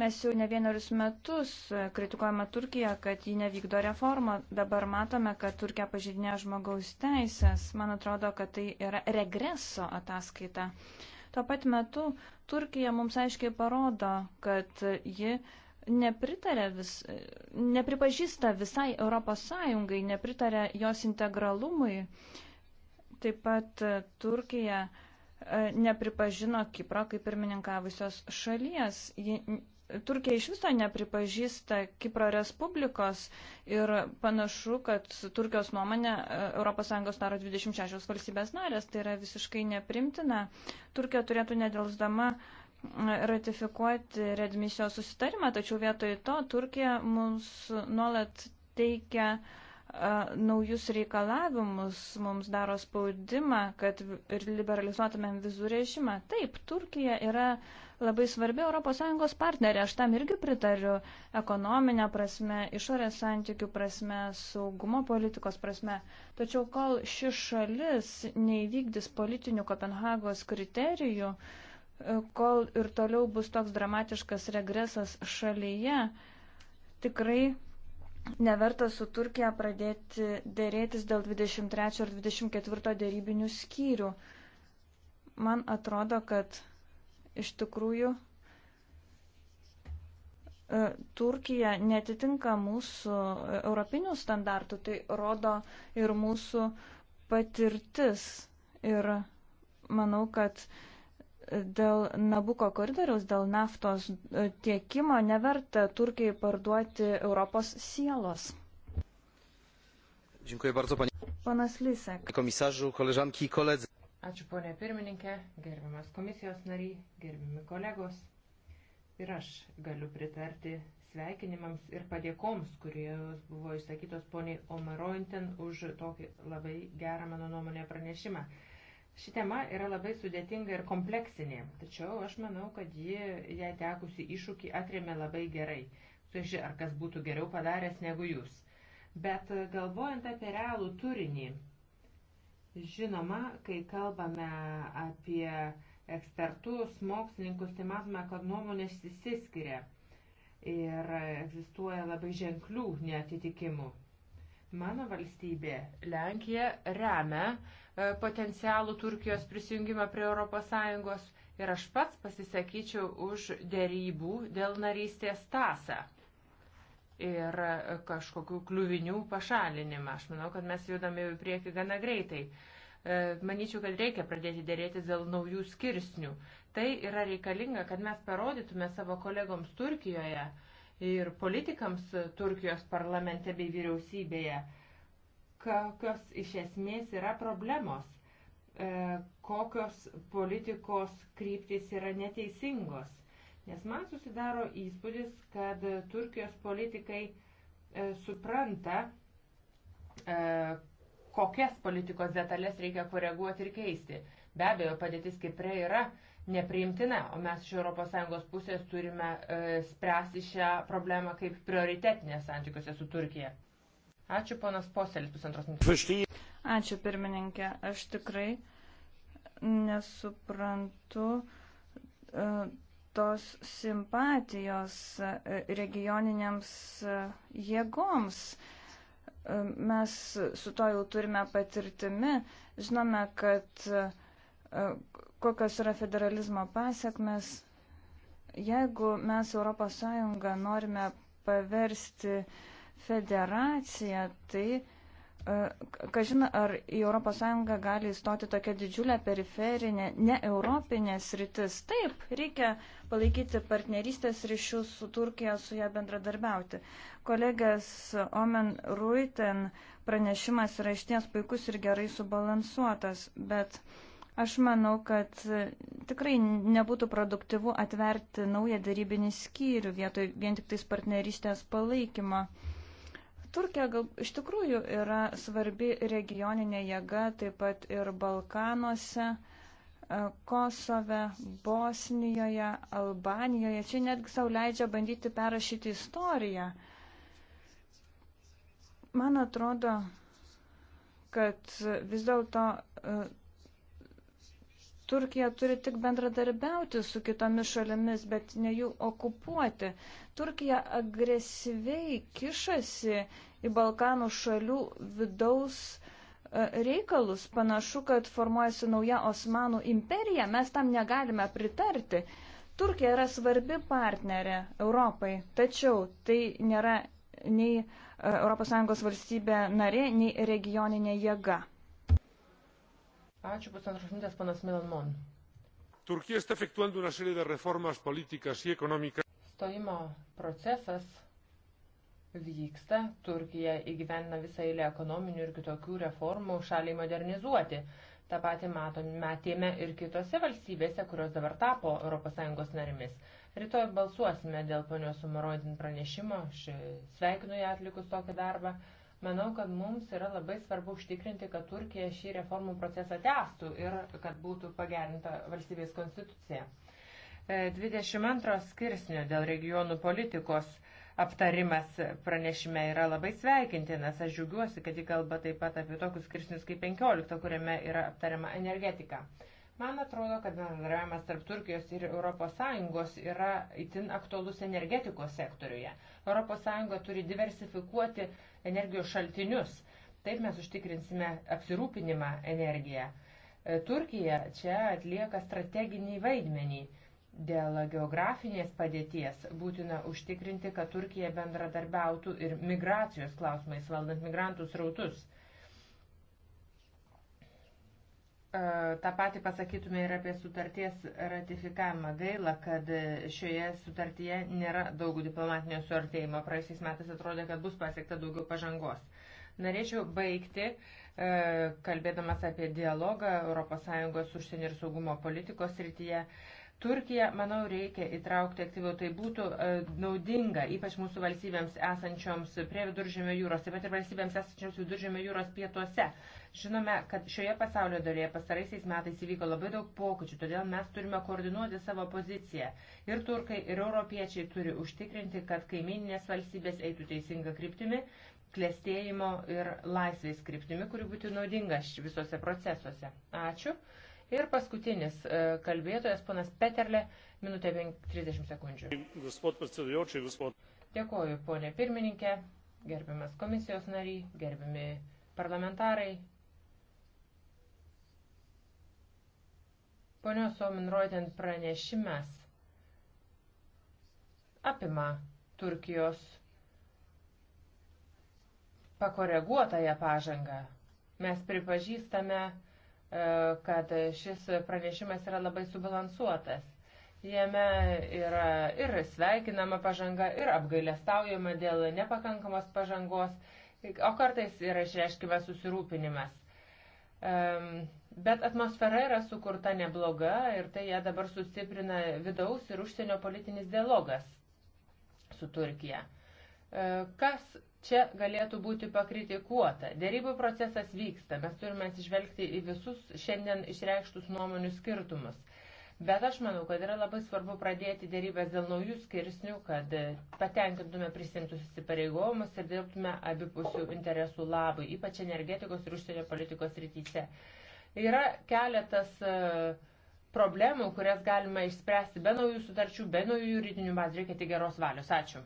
Mes jau ne vienerius metus e, kritikuojame Turkiją, kad ji nevykdo reformą. Dabar matome, kad Turkija pažydinė žmogaus teisės. Man atrodo, kad tai yra regreso ataskaita. Tuo pat metu Turkija mums aiškiai parodo, kad ji nepritarė vis, e, nepripažįsta visai Europos Sąjungai, nepritarė jos integralumui. Taip pat e, Turkija nepripažino Kipro kaip pirmininkavusios šalies. Ji Turkija iš viso nepripažįsta Kipro Respublikos ir panašu, kad Turkijos nuomonė ES daro 26 valstybės narės. Tai yra visiškai neprimtina. Turkija turėtų nedelsdama ratifikuoti redmisijos susitarimą, tačiau vietoj to Turkija mums nuolat teikia uh, naujus reikalavimus, mums daro spaudimą, kad ir liberalizuotumėm vizų režimą. Taip, Turkija yra labai svarbi ES partnerė, aš tam irgi pritariu ekonominę prasme, išorės santykių prasme, saugumo politikos prasme. Tačiau kol ši šalis neįvykdys politinių Kopenhagos kriterijų, e, kol ir toliau bus toks dramatiškas regresas šalyje, tikrai neverta su Turkija pradėti dėrėtis dėl 23 ir 24 dėrybinių skyrių. Man atrodo, kad iš tikrųjų e, Turkija netitinka mūsų europinių standartų, tai rodo ir mūsų patirtis. Ir manau, kad uh, Dėl Nabuko koridoriaus, dėl naftos e, tiekimo neverta Turkijai parduoti Europos sielos. Dziękuję bardzo, panie. Panas Lisek. Komisarzu, koleżanki i koledzy. Ačiū, ponė pirmininkė, gerbiamas komisijos nariai, gerbiami kolegos. Ir aš galiu pritarti sveikinimams ir padėkoms, kurios buvo išsakytos poniai Omarointen už tokį labai gerą, mano nuomonę, pranešimą. Ši tema yra labai sudėtinga ir kompleksinė, tačiau aš manau, kad ji jai tekusi iššūkį atrėmė labai gerai. Suži, ar kas būtų geriau padaręs negu jūs. Bet e, galvojant apie realų turinį, žinoma, kai kalbame apie ekspertus, mokslininkus, tai matome, kad nuomonės įsiskiria ir e, egzistuoja labai ženklių neatitikimų. Mano valstybė, Lenkija, remia e, potencialų Turkijos prisijungimą prie ES ir aš pats pasisakyčiau už dėrybų dėl narystės tasą ir e, kažkokių kliuvinių pašalinimą. Aš manau, kad mes judame į priekį gana greitai. E, manyčiau, kad reikia pradėti dėrėtis dėl naujų skirsnių. Tai yra reikalinga, kad mes parodytume savo kolegoms Turkijoje, ir politikams Turkijos parlamente bei vyriausybėje, kokios iš esmės yra problemos, e, kokios politikos kryptis yra neteisingos. Nes man susidaro įspūdis, kad Turkijos politikai e, supranta, e, kokias politikos detalės reikia koreguoti ir keisti. Be abejo, padėtis Kipre yra nepriimtina, o mes iš ES pusės turime e, spręsti šią problemą kaip prioritetinę santykiuose su Turkija. Ačiū, ponas Poselis, pusantros minutės. Ačiū, pirmininkė. Aš tikrai nesuprantu e, tos simpatijos e, regioniniams e, jėgoms. Mes su to jau turime patirtimi. Žinome, kad kokios yra federalizmo pasiekmes. Jeigu mes ES norime paversti federaciją, tai e, Kažina, ar į ES gali įstoti tokia didžiulė periferinė, ne europinė sritis? Taip, reikia palaikyti partnerystės ryšius su Turkija, su ją bendradarbiauti. Kolegės Omen Ruiten pranešimas yra išties puikus ir gerai subalansuotas, bet uh, Aš manau, kad tikrai nebūtų produktyvu atverti naują darybinį skyrių vietoj vien tik tais partnerystės palaikymo. Turkija gal iš tikrųjų yra svarbi regioninė jėga, taip pat ir Balkanuose, e, Kosove, Bosnijoje, Albanijoje. Čia netgi savo leidžia bandyti perrašyti istoriją. Man atrodo, kad vis dėlto e, Turkija turi tik bendradarbiauti su kitomis šalimis, bet ne jų okupuoti. Turkija agresyviai kišasi į Balkanų šalių vidaus e, reikalus. Panašu, kad formuojasi nauja Osmanų imperija. Mes tam negalime pritarti. Turkija yra svarbi partnerė Europai, tačiau tai nėra nei ES valstybė narė, nei regioninė jėga. Ačiū pusantros minutės, panas Milan Mon. Turkija está efectuando una serie de reformas políticas y económicas. Stojimo procesas vyksta, Turkija įgyvena visą eilę ekonominių ir kitokių reformų šaliai modernizuoti. Ta pati matėme ir kitose valstybėse, kurios dabar tapo ES narimis. Rytoj balsuosime dėl ponios Sumarodin pranešimo, aš sveikinu ją atlikus tokį darbą. Manau, kad mums yra labai svarbu užtikrinti, kad Turkija šį reformų procesą tęstų ir kad būtų pagerinta valstybės konstitucija. 22 e, skirsnio dėl regionų politikos aptarimas pranešime yra labai sveikintinas. Aš džiaugiuosi, kad jį kalba taip pat apie tokius skirsnius kaip 15, kuriame yra aptariama energetika. Man atrodo, kad bendravimas tarp Turkijos ir ES yra itin aktualus energetikos sektoriuje. ES turi diversifikuoti energijos šaltinius. Taip mes užtikrinsime apsirūpinimą energiją. E, Turkija čia atlieka strateginį vaidmenį. Dėl geografinės padėties būtina užtikrinti, kad Turkija bendradarbiautų ir migracijos klausimais valdant migrantų srautus. tą patį pasakytume ir apie sutarties ratifikavimą. Gaila, kad šioje sutartyje nėra daug diplomatinio suartėjimo. Praėjusiais metais atrodė, kad bus pasiekta daugiau pažangos. Norėčiau baigti, kalbėdamas apie dialogą ES užsienio ir saugumo politikos rytyje. Turkiją, manau, reikia įtraukti aktyviau. Tai būtų e, naudinga, ypač mūsų valstybėms esančioms prie viduržėmio jūros, taip pat ir valstybėms esančioms viduržėmio jūros pietuose. Žinome, kad šioje pasaulio dalyje pastaraisiais metais įvyko labai daug pokyčių, todėl mes turime koordinuoti savo poziciją. Ir turkai, ir europiečiai turi užtikrinti, kad kaimininės valstybės eitų teisinga kryptimi, klėstėjimo ir laisvės kryptimi, kuri būtų naudinga visose procesuose. Ačiū. Ir paskutinis e, kalbėtojas, panas Peterle, minutė 30 sekundžių. Dėkoju, ponė pirmininkė, gerbiamas komisijos nariai, gerbiami parlamentarai. Ponios Ominroiden pranešimas apima Turkijos pakoreguotąją pažangą. Mes pripažįstame, E, kad šis pranešimas yra labai subalansuotas. Jame yra ir sveikinama pažanga, ir apgailestaujama dėl nepakankamos pažangos, o kartais yra išreiškima susirūpinimas. Bet atmosfera yra sukurta nebloga ir tai ją dabar sustiprina vidaus ir užsienio politinis dialogas su Turkija. E, kas čia galėtų būti pakritikuota. Dėrybų procesas vyksta, mes turime atsižvelgti į visus šiandien išreikštus nuomonių skirtumus. Bet aš manau, kad yra labai svarbu pradėti dėrybęs dėl naujų skirsnių, kad e, patenkintume prisimtus įsipareigojimus ir dirbtume abipusių interesų labui, ypač energetikos ir užsienio politikos rytyse. Yra keletas e, problemų, kurias galima išspręsti be naujų sutarčių, be naujų juridinių bazų, reikia tik geros valios. Ačiū.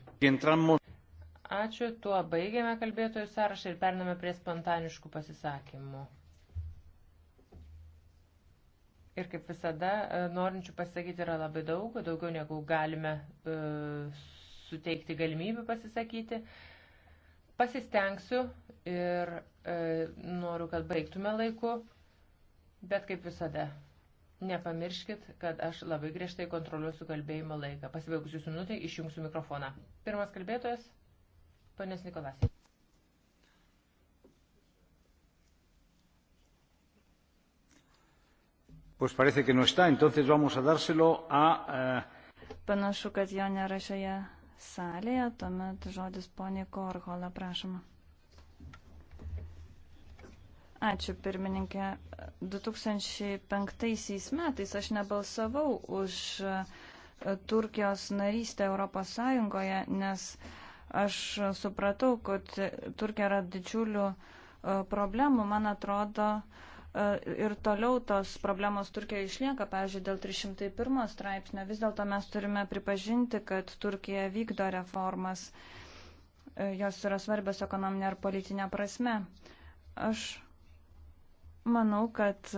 Ačiū, tuo baigiame kalbėtojų sąrašą ir pername prie spontaniškų pasisakymų. Ir kaip visada, e, norinčių pasakyti yra labai daug, daugiau negu galime e, suteikti galimybę pasisakyti. Pasistengsiu ir e, noriu, kad baigtume laiku, bet kaip visada, nepamirškit, kad aš labai griežtai kontroliuosiu kalbėjimo laiką. Pasibaigus jūsų minutę, išjungsiu mikrofoną. Pirmas kalbėtojas. Ponės Nikolas. Pues parece que no está, entonces vamos a dárselo a. Uh... Panašu, kad jo nėra šioje salėje, tuomet žodis ponė Korhola, prašoma. Ačiū, pirmininkė. 2005 metais aš nebalsavau už eh, Turkijos narystę Europos Sąjungoje, nes uh, Aš supratau, kad Turkija yra didžiulių e, problemų, man atrodo, e, ir toliau tos problemos Turkijoje išlieka, pavyzdžiui, dėl 301 straipsnio. Vis dėlto mes turime pripažinti, kad Turkija vykdo reformas, e, jos yra svarbios ekonominė ar politinė prasme. Aš manau, kad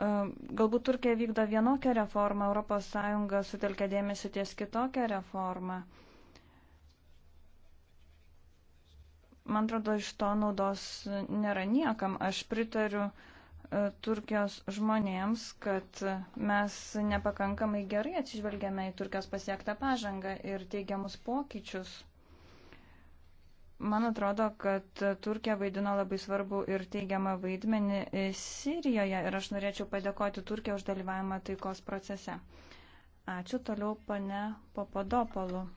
galbūt Turkija vykdo vienokią reformą, ES sutelkia dėmesį ties kitokią reformą. Man atrodo, iš to naudos nėra niekam. Aš pritariu e, Turkijos žmonėms, kad mes nepakankamai gerai atsižvelgiame į Turkijos pasiektą pažangą ir teigiamus pokyčius. Man atrodo, kad Turkija vaidino labai svarbu ir teigiamą vaidmenį e, Sirijoje ir aš norėčiau padėkoti Turkijai už dalyvavimą taikos procese. Ačiū toliau, pane Papadopolu.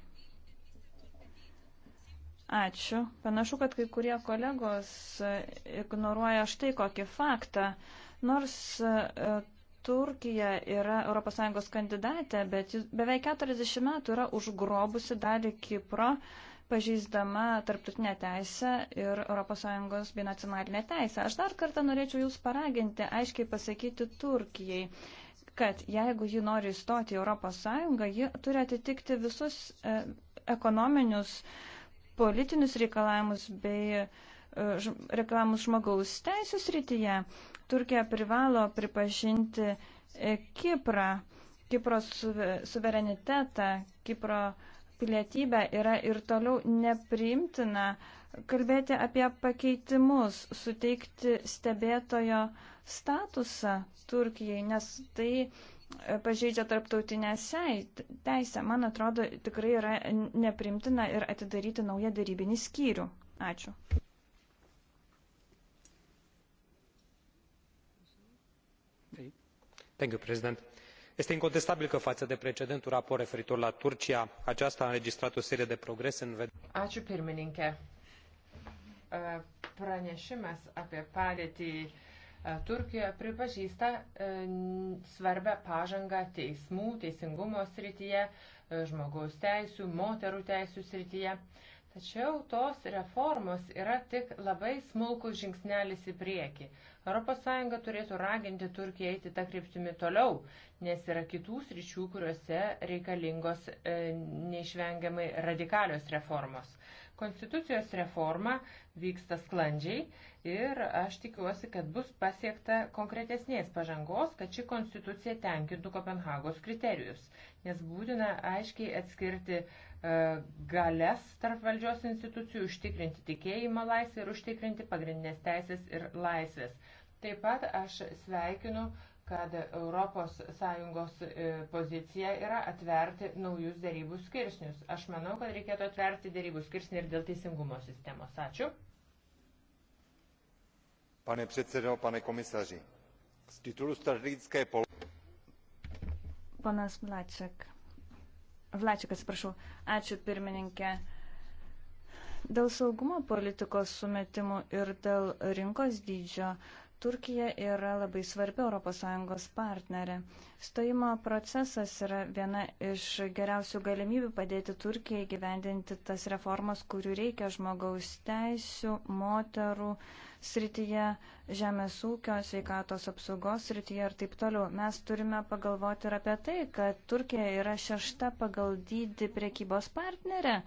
Ačiū. Panašu, kad kai kurie kolegos e, ignoruoja štai kokį faktą. Nors e, Turkija yra ES kandidatė, bet beveik 40 metų yra užgrobusi dalį Kipro, pažeisdama tarptautinę teisę ir ES bei nacionalinę teisę. Aš dar kartą norėčiau Jūs paraginti aiškiai pasakyti Turkijai, kad jeigu ji nori įstoti į ES, ji turi atitikti visus e, ekonominius e, politinius reikalavimus bei e, reikalavimus žmogaus teisų srityje. Turkija privalo pripažinti e, Kiprą, Kipro suverenitetą, Kipro pilietybę yra ir toliau nepriimtina kalbėti apie pakeitimus, suteikti stebėtojo statusą Turkijai, nes tai pažeidžia tarptautinę teisę. Man atrodo, tikrai yra neprimtina ir atidaryti naują darybinį skyrių. Ačiū. este incontestabil că faă de precedentul raport referitor la turcia aceasta a înregistrat o serie de progrese în vederea. pranešimas apie padėtį E, Turkija pripažįsta e, svarbę pažangą teismų, teisingumo srityje, e, žmogaus teisų, moterų teisų srityje. Tačiau tos reformos yra tik labai smulkus žingsnelis į priekį. ES turėtų raginti Turkiją eiti tą kryptimį toliau, nes yra kitų sričių, kuriuose reikalingos e, neišvengiamai radikalios reformos. Konstitucijos reforma vyksta sklandžiai ir aš tikiuosi, kad bus pasiekta konkretesnės pažangos, kad ši konstitucija tenkintų Kopenhagos kriterijus, nes būtina aiškiai atskirti e, galės tarp valdžios institucijų, užtikrinti tikėjimą laisvę ir užtikrinti pagrindinės teisės ir laisvės. Taip pat aš sveikinu uh, kad ES e, pozicija yra atverti naujus dėrybų skirsnius. Aš manau, kad reikėtų atverti dėrybų skirsnį ir dėl teisingumo sistemos. Ačiū. Pane předsedo, pane komisaři, z titulu strategické pol... Panas Vlaček. Vlaček, atsiprašau. Ačiū pirmininkė. Dėl saugumo politikos sumetimų ir dėl rinkos dydžio Turkija yra labai svarbi ES partnerė. Stojimo procesas yra viena iš geriausių galimybių padėti Turkijai gyvendinti tas reformas, kurių reikia žmogaus teisų, moterų srityje, žemės ūkio, sveikatos apsaugos srityje ir taip toliau. Mes turime pagalvoti ir apie tai, kad Turkija yra šešta pagal dydį priekybos partnerė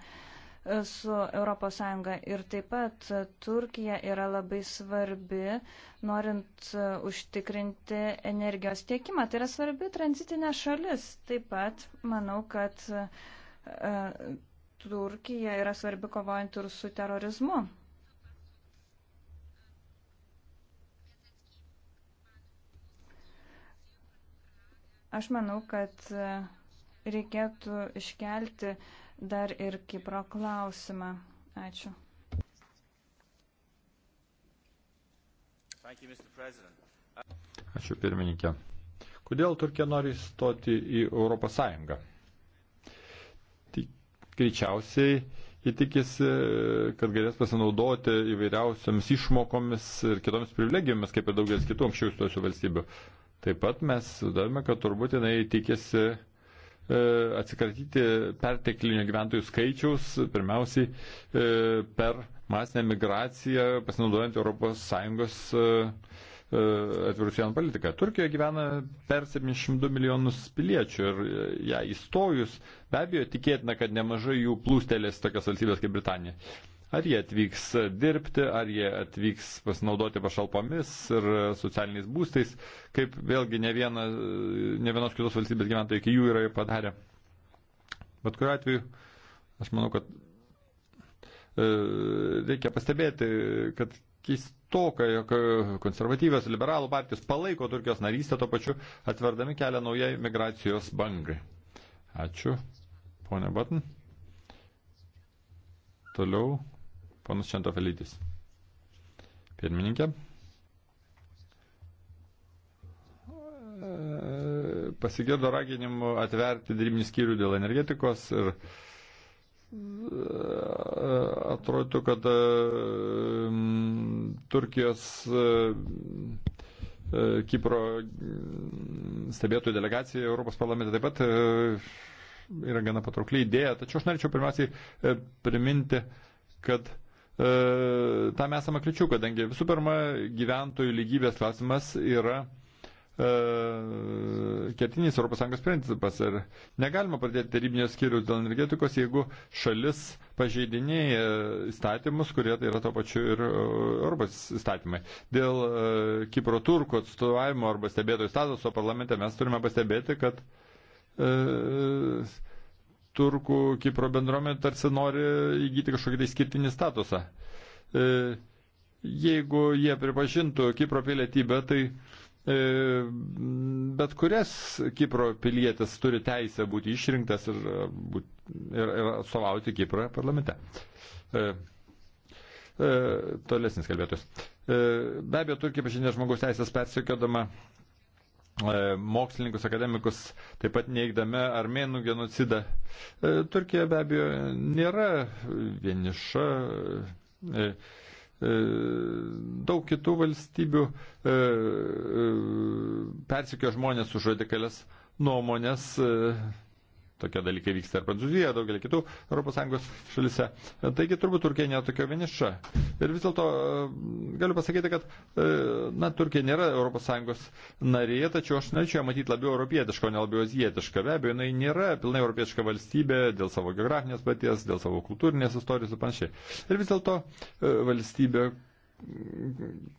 su ES. Ir taip pat Turkija yra labai svarbi, norint e, užtikrinti energijos tiekimą. Tai yra svarbi tranzitinė šalis. Taip pat manau, kad e, Turkija yra svarbi kovojant ir su terorizmu. Aš manau, kad e, reikėtų iškelti uh, dar ir Kipro klausimą. Ačiū. Ačiū pirmininkė. Kodėl Turkija nori įstoti į Europos Sąjungą? Tik greičiausiai jie tikisi, kad galės pasinaudoti įvairiausiamis išmokomis ir kitomis privilegijomis, kaip ir daugelis kitų anksčiau įstosių valstybių. Taip pat mes sudarome, kad turbūt jinai tikisi E, atsikratyti perteklinio gyventojų skaičiaus, pirmiausiai e, per masinę migraciją, pasinaudojant ES e, atvirų sienų politiką. Turkijoje gyvena per 702 milijonus piliečių ir ją ja, įstojus, be abejo, tikėtina, kad nemažai jų plūstelės tokias valstybės kaip Britanija. Ar jie atvyks dirbti, ar jie atvyks pasinaudoti pašalpomis ir socialiniais būstais, kaip vėlgi ne, viena, ne vienos kitos valstybės gyventojai iki jų yra padarę. Bet kuriu atveju, aš manau, kad e, reikia pastebėti, kad keistoka, jog konservatyvės liberalų partijos palaiko Turkijos narystę, to pačiu atverdami kelią naujai migracijos bangai. Ačiū, ponia Batn. Toliau. Ponas Šentofelytis. Pirmininkė. Pasigirdo raginimų atverti dirbinį skyrių dėl energetikos ir e, atrodytų, kad e, Turkijos e, Kipro stebėtojų delegacija Europos parlamente taip pat yra gana patraukliai idėja. Tačiau aš norėčiau pirmiausiai priminti, kad E, tam esama kliučių, kadangi visų pirma, gyventojų lygybės klausimas yra e, kertinis ES principas ir negalima pradėti tarybinio skyrių dėl energetikos, jeigu šalis pažeidinėja įstatymus, kurie tai yra to pačiu ir e, Europos įstatymai. Dėl Kipro turko atstovavimo arba stebėtojų statuso parlamente mes turime pastebėti, kad e, turkų Kipro bendruomenė tarsi nori įgyti kažkokį tai skirtinį statusą. E, jeigu jie pripažintų Kipro pilietybę, tai e, bet kurias Kipro pilietis turi teisę būti išrinktas ir, ir, ir atstovauti Kiprą parlamente. E, tolesnis kalbėtojas. Be abejo, Turkija pažinė žmogaus teisės persikiodama E, mokslininkus, akademikus, taip pat neigdami armėnų genocidą. E, Turkija be abejo nėra vieniša. E, daug kitų valstybių persikio žmonės už radikalias nuomonės Tokie dalykai vyksta ir Prancūzijoje, daugelį kitų ES šalise. Taigi turbūt Turkija netokio vieniša. Ir vis dėlto e, galiu pasakyti, kad e, na, Turkija nėra ES narė, tačiau aš norėčiau matyti labiau europietišką, o ne labiau azijietišką. Be abejo, jinai nėra pilnai europietiška valstybė dėl savo geografinės paties, dėl savo kultūrinės istorijos ir panašiai. Ir vis dėlto e, valstybė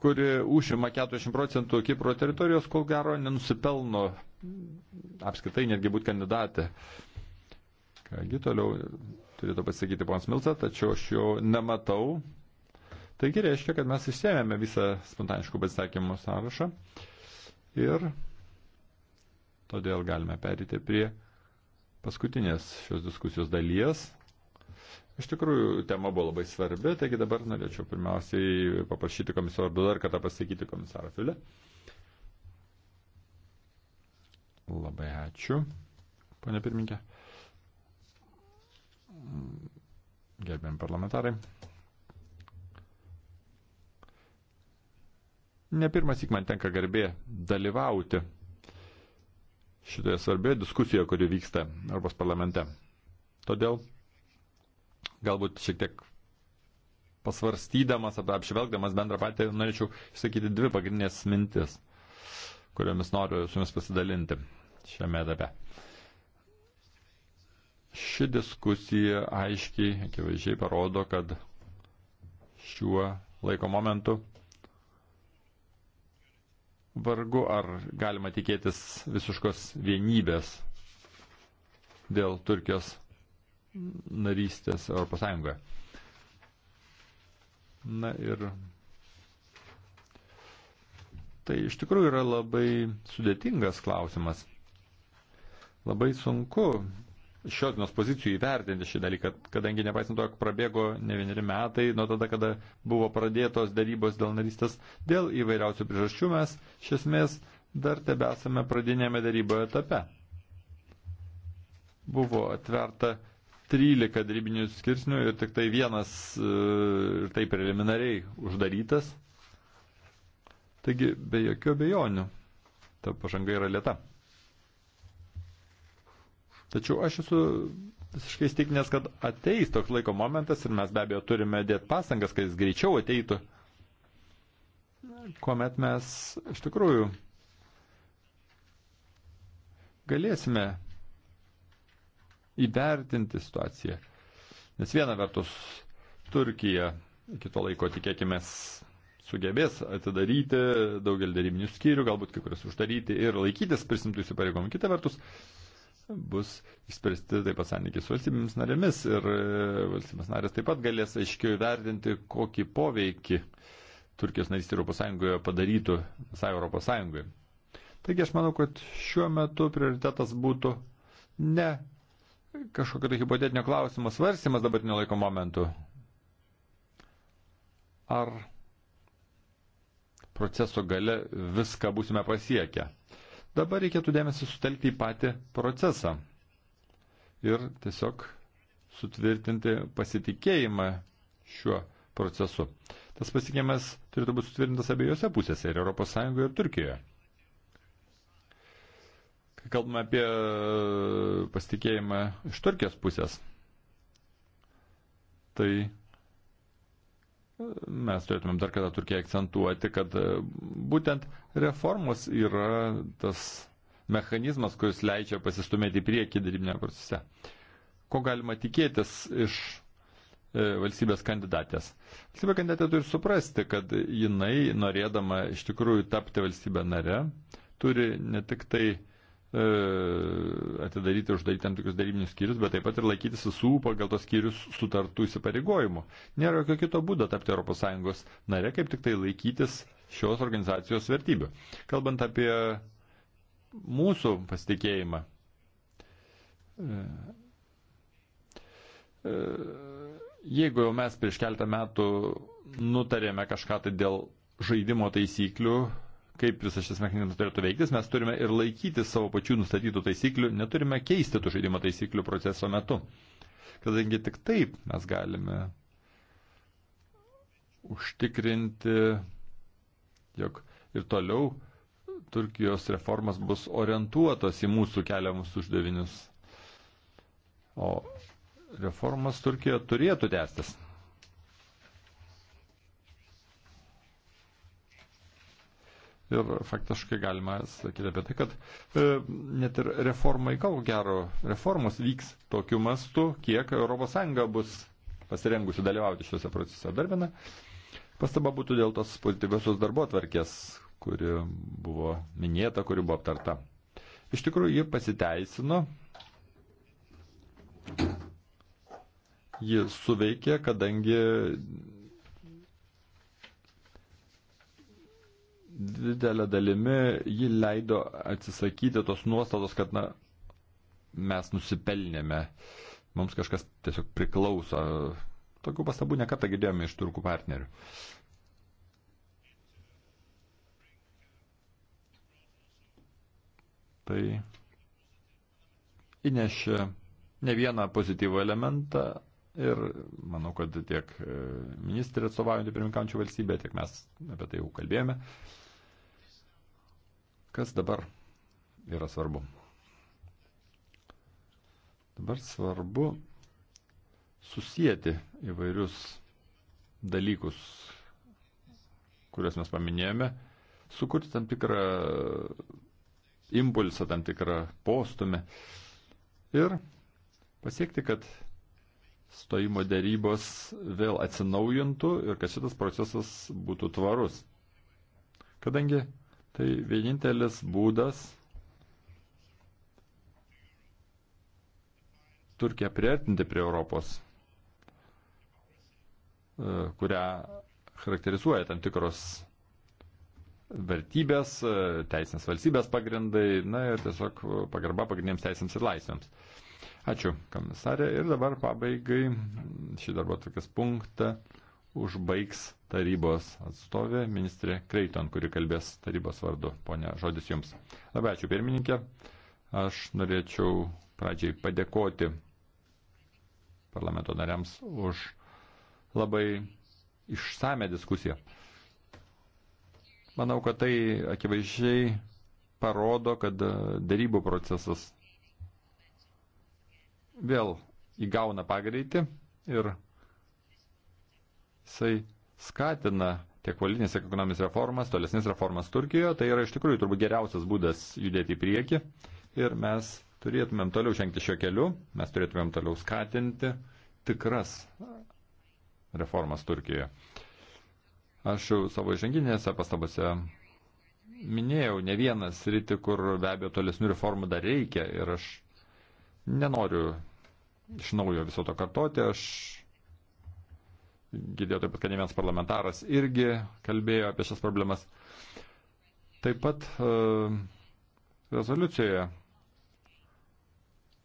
kuri užima 40 procentų Kipro teritorijos, kol gero nenusipelno apskritai netgi būti kandidatė. Kągi toliau turėtų pasakyti ponas Milca, tačiau aš jo nematau. Taigi reiškia, kad mes išsėmėme visą spontaniškų pasisakymų sąrašą ir todėl galime perėti prie paskutinės šios diskusijos dalies. Iš tikrųjų, tema buvo labai svarbi, taigi dabar norėčiau pirmiausiai paprašyti komisarą dar kartą pasakyti komisarą Filę. Labai ačiū, ponė pirminkė gerbiami parlamentarai. Ne pirmas įk man tenka garbė dalyvauti šitoje svarbioje diskusijoje, kuri vyksta Europos parlamente. Todėl galbūt šiek tiek pasvarstydamas, apžvelgdamas bendrą patį, norėčiau išsakyti dvi pagrindinės mintis, kuriomis noriu su jumis pasidalinti šiame etape. Ši diskusija aiškiai, akivaizdžiai parodo, kad šiuo laiko momentu vargu ar galima tikėtis visiškos vienybės dėl Turkijos narystės Europos Sąjungoje. Na ir tai iš tikrųjų yra labai sudėtingas klausimas. Labai sunku šios dienos pozicijų įvertinti šį dalyką, kadangi nepaisant to, jog prabėgo ne vieneri metai nuo tada, kada buvo pradėtos darybos dėl narystės, dėl įvairiausių priežasčių mes iš esmės dar tebesame pradinėme daryboje etape. Buvo atverta 13 darybinių skirsnių ir tik tai vienas e, ir tai preliminariai uždarytas. Taigi be jokių abejonių ta pažanga yra lieta. Tačiau aš esu visiškai įstikinęs, kad ateis toks laiko momentas ir mes be abejo turime dėti pasangas, kad jis greičiau ateitų, kuomet mes iš tikrųjų galėsime įvertinti situaciją. Nes viena vertus Turkija iki to laiko tikėkime sugebės atidaryti daugelį darybinių skyrių, galbūt kai kurias uždaryti ir laikytis prisimtų įsipareigomų. Kita vertus, bus išspręsti taip pat santykiai su valstybėmis narėmis ir e, valstybės narės taip pat galės aiškiau vertinti, kokį poveikį Turkijos narystė Europos Sąjungoje padarytų visai Europos Sąjungoje. Taigi aš manau, kad šiuo metu prioritetas būtų ne kažkokio tai hipotetinio klausimo svarstymas dabartinio laiko momentu. Ar proceso gale viską būsime pasiekę? Dabar reikėtų dėmesį sutelkti į patį procesą ir tiesiog sutvirtinti pasitikėjimą šiuo procesu. Tas pasitikėjimas turėtų būti sutvirtintas abiejose pusėse ir ES ir Turkijoje. Kai kalbame apie e, pasitikėjimą iš Turkijos pusės, tai mes turėtumėm dar kada Turkiją akcentuoti, kad e, būtent reformos yra tas mechanizmas, kuris leidžia pasistumėti į priekį darybinėme procese. Ko galima tikėtis iš e, valstybės kandidatės. Valstybė kandidatė turi suprasti, kad jinai, norėdama iš tikrųjų tapti valstybę nare, turi ne tik tai E, atidaryti, uždaryti tam tikrus darybinius skyrius, bet taip pat ir laikytis visų pagal tos skyrius sutartų įsipareigojimų. Nėra jokio kito būdo tapti ES nare, kaip tik tai laikytis šios organizacijos vertybių. Kalbant apie mūsų pasitikėjimą. E, e, jeigu jau mes prieš keltą metų nutarėme kažką tai dėl žaidimo taisyklių, kaip visas šis mechanizmas turėtų veiktis, mes turime ir laikyti savo pačių nustatytų taisyklių, neturime keisti tų žaidimo taisyklių proceso metu. Kadangi tik taip mes galime užtikrinti, jog ir toliau Turkijos reformas bus orientuotos į mūsų keliamus uždavinius. O reformas Turkijoje turėtų tęstis. Ir faktiškai galima sakyti apie tai, kad e, net ir reformai, gal gero, reformos vyks tokiu mastu, kiek ES bus pasirengusi dalyvauti šiuose procese. Dar viena pastaba būtų dėl tos pozityviosios darbo atvarkės, kuri buvo minėta, kuri buvo aptarta. Iš tikrųjų, ji pasiteisino, ji suveikė, kadangi didelė dalimi ji leido atsisakyti tos nuostatos, kad na, mes nusipelnėme, mums kažkas tiesiog priklauso. Tokių pastabų nekartą girdėjome iš turkų partnerių. Tai įnešė ne vieną pozityvų elementą ir manau, kad tiek ministrė atstovaujantį pirmininkančių valstybę, tiek mes apie tai jau kalbėjome. Uh, Kas dabar yra svarbu? Dabar svarbu susijęti įvairius dalykus, kuriuos mes paminėjome, sukurti tam tikrą impulsą, tam tikrą postumį ir pasiekti, kad stojimo dėrybos vėl atsinaujintų ir kad šitas procesas būtų tvarus. Kadangi Tai vienintelis būdas Turkiją priartinti prie Europos, e, kurią charakterizuoja tam tikros vertybės, e, teisinės valstybės pagrindai, na ir tiesiog pagarba pagrindiniams teisėms ir laisvėms. Ačiū, komisarė. Ir dabar pabaigai šį darbo tokias punktą užbaigs tarybos atstovė, ministrė Kreiton, kuri kalbės tarybos vardu. Pone, žodis jums. Labai ačiū pirmininkė. Aš norėčiau pradžiai padėkoti parlamento nariams už labai išsame diskusiją. Manau, kad tai akivaizdžiai parodo, kad darybų procesas vėl įgauna pagreitį ir jisai skatina tiek politinės, tiek ekonominės reformas, tolesnės reformas Turkijoje. Tai yra iš tikrųjų turbūt geriausias būdas judėti į priekį ir mes turėtumėm toliau žengti šio keliu, mes turėtumėm toliau skatinti tikras reformas Turkijoje. Aš jau savo žanginėse pastabose minėjau ne vieną sritį, kur be abejo tolesnių reformų dar reikia ir aš nenoriu iš naujo viso to kartoti, aš girdėjau taip pat, kad ne vienas parlamentaras irgi kalbėjo apie šias problemas. Taip pat e, rezoliucijoje e,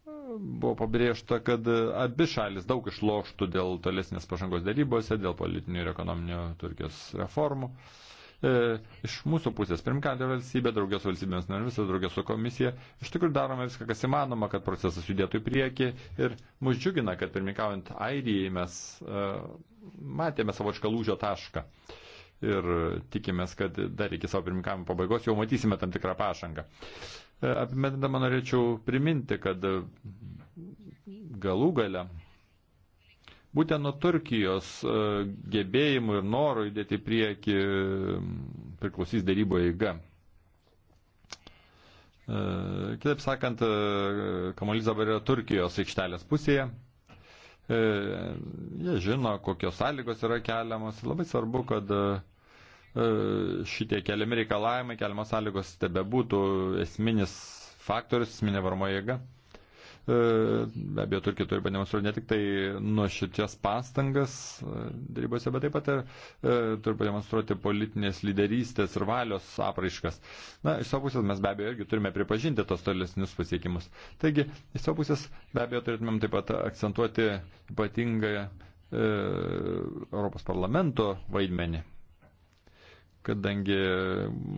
buvo pabrėžta, kad abi šalis daug išloštų dėl tolesnės pažangos darybose, dėl politinių ir ekonominių Turkijos reformų. Uh, e, iš mūsų pusės, pirmkantė tai valstybė, draugės valstybės narvis, draugės su komisija, iš tikrųjų darome viską, kas įmanoma, kad procesas judėtų į priekį ir mus džiugina, kad pirmininkaujant Airijai mes e, matėme savočką lūžio tašką. Ir tikimės, kad dar iki savo pirmininkavimo pabaigos jau matysime tam tikrą pažangą. E, Apimedama norėčiau priminti, kad galų gale Būtent nuo Turkijos e, gebėjimų ir noro įdėti prieki priklausys darybo eiga. E, kitaip sakant, e, kamuolys dabar yra Turkijos aikštelės pusėje. Jie žino, kokios sąlygos yra keliamos. Labai svarbu, kad šitie keliami reikalavimai, keliamos sąlygos tebe būtų esminis faktorius, esminė varmo jėga. E, be abejo, Turkija turi pademonstruoti ne tik tai nuoširdžias pastangas e, darybose, bet taip pat ir e, turi pademonstruoti politinės lyderystės ir valios apraiškas. Na, iš savo pusės mes be abejo irgi turime pripažinti tos tolesnius pasiekimus. Taigi, iš savo pusės be abejo turėtumėm taip pat akcentuoti ypatingą e, Europos parlamento vaidmenį kadangi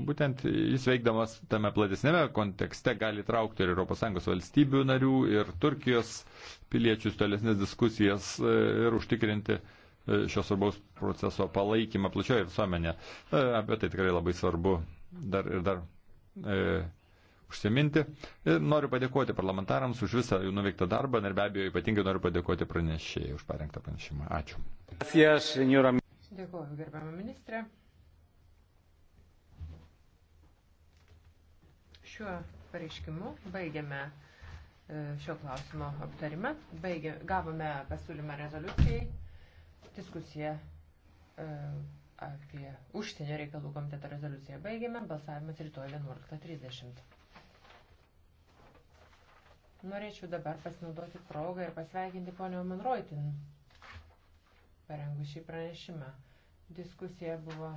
būtent jis veikdamas tame platesnėme kontekste gali traukti ir ES valstybių narių, ir Turkijos piliečius tolesnės diskusijas e, ir užtikrinti e, šios svarbaus proceso palaikymą plačioje visuomenėje. E, apie tai tikrai labai svarbu dar ir dar e, užsiminti. Ir noriu padėkoti parlamentarams už visą jų nuveiktą darbą ir be abejo ypatingai noriu padėkoti pranešėjai už parengtą pranešimą. Ačiū. Dėkuoju, gerbiamą ministrę. Šiuo pareiškimu baigiame e, šio klausimo aptarimą. Baigė, gavome pasiūlymą rezoliucijai, diskusiją e, apie užsienio reikalų komiteto rezoliuciją baigėme, balsavimas rytoj 11.30. Norėčiau dabar pasinaudoti progą ir pasveikinti ponio Manroitin, parengus šį pranešimą. Diskusija buvo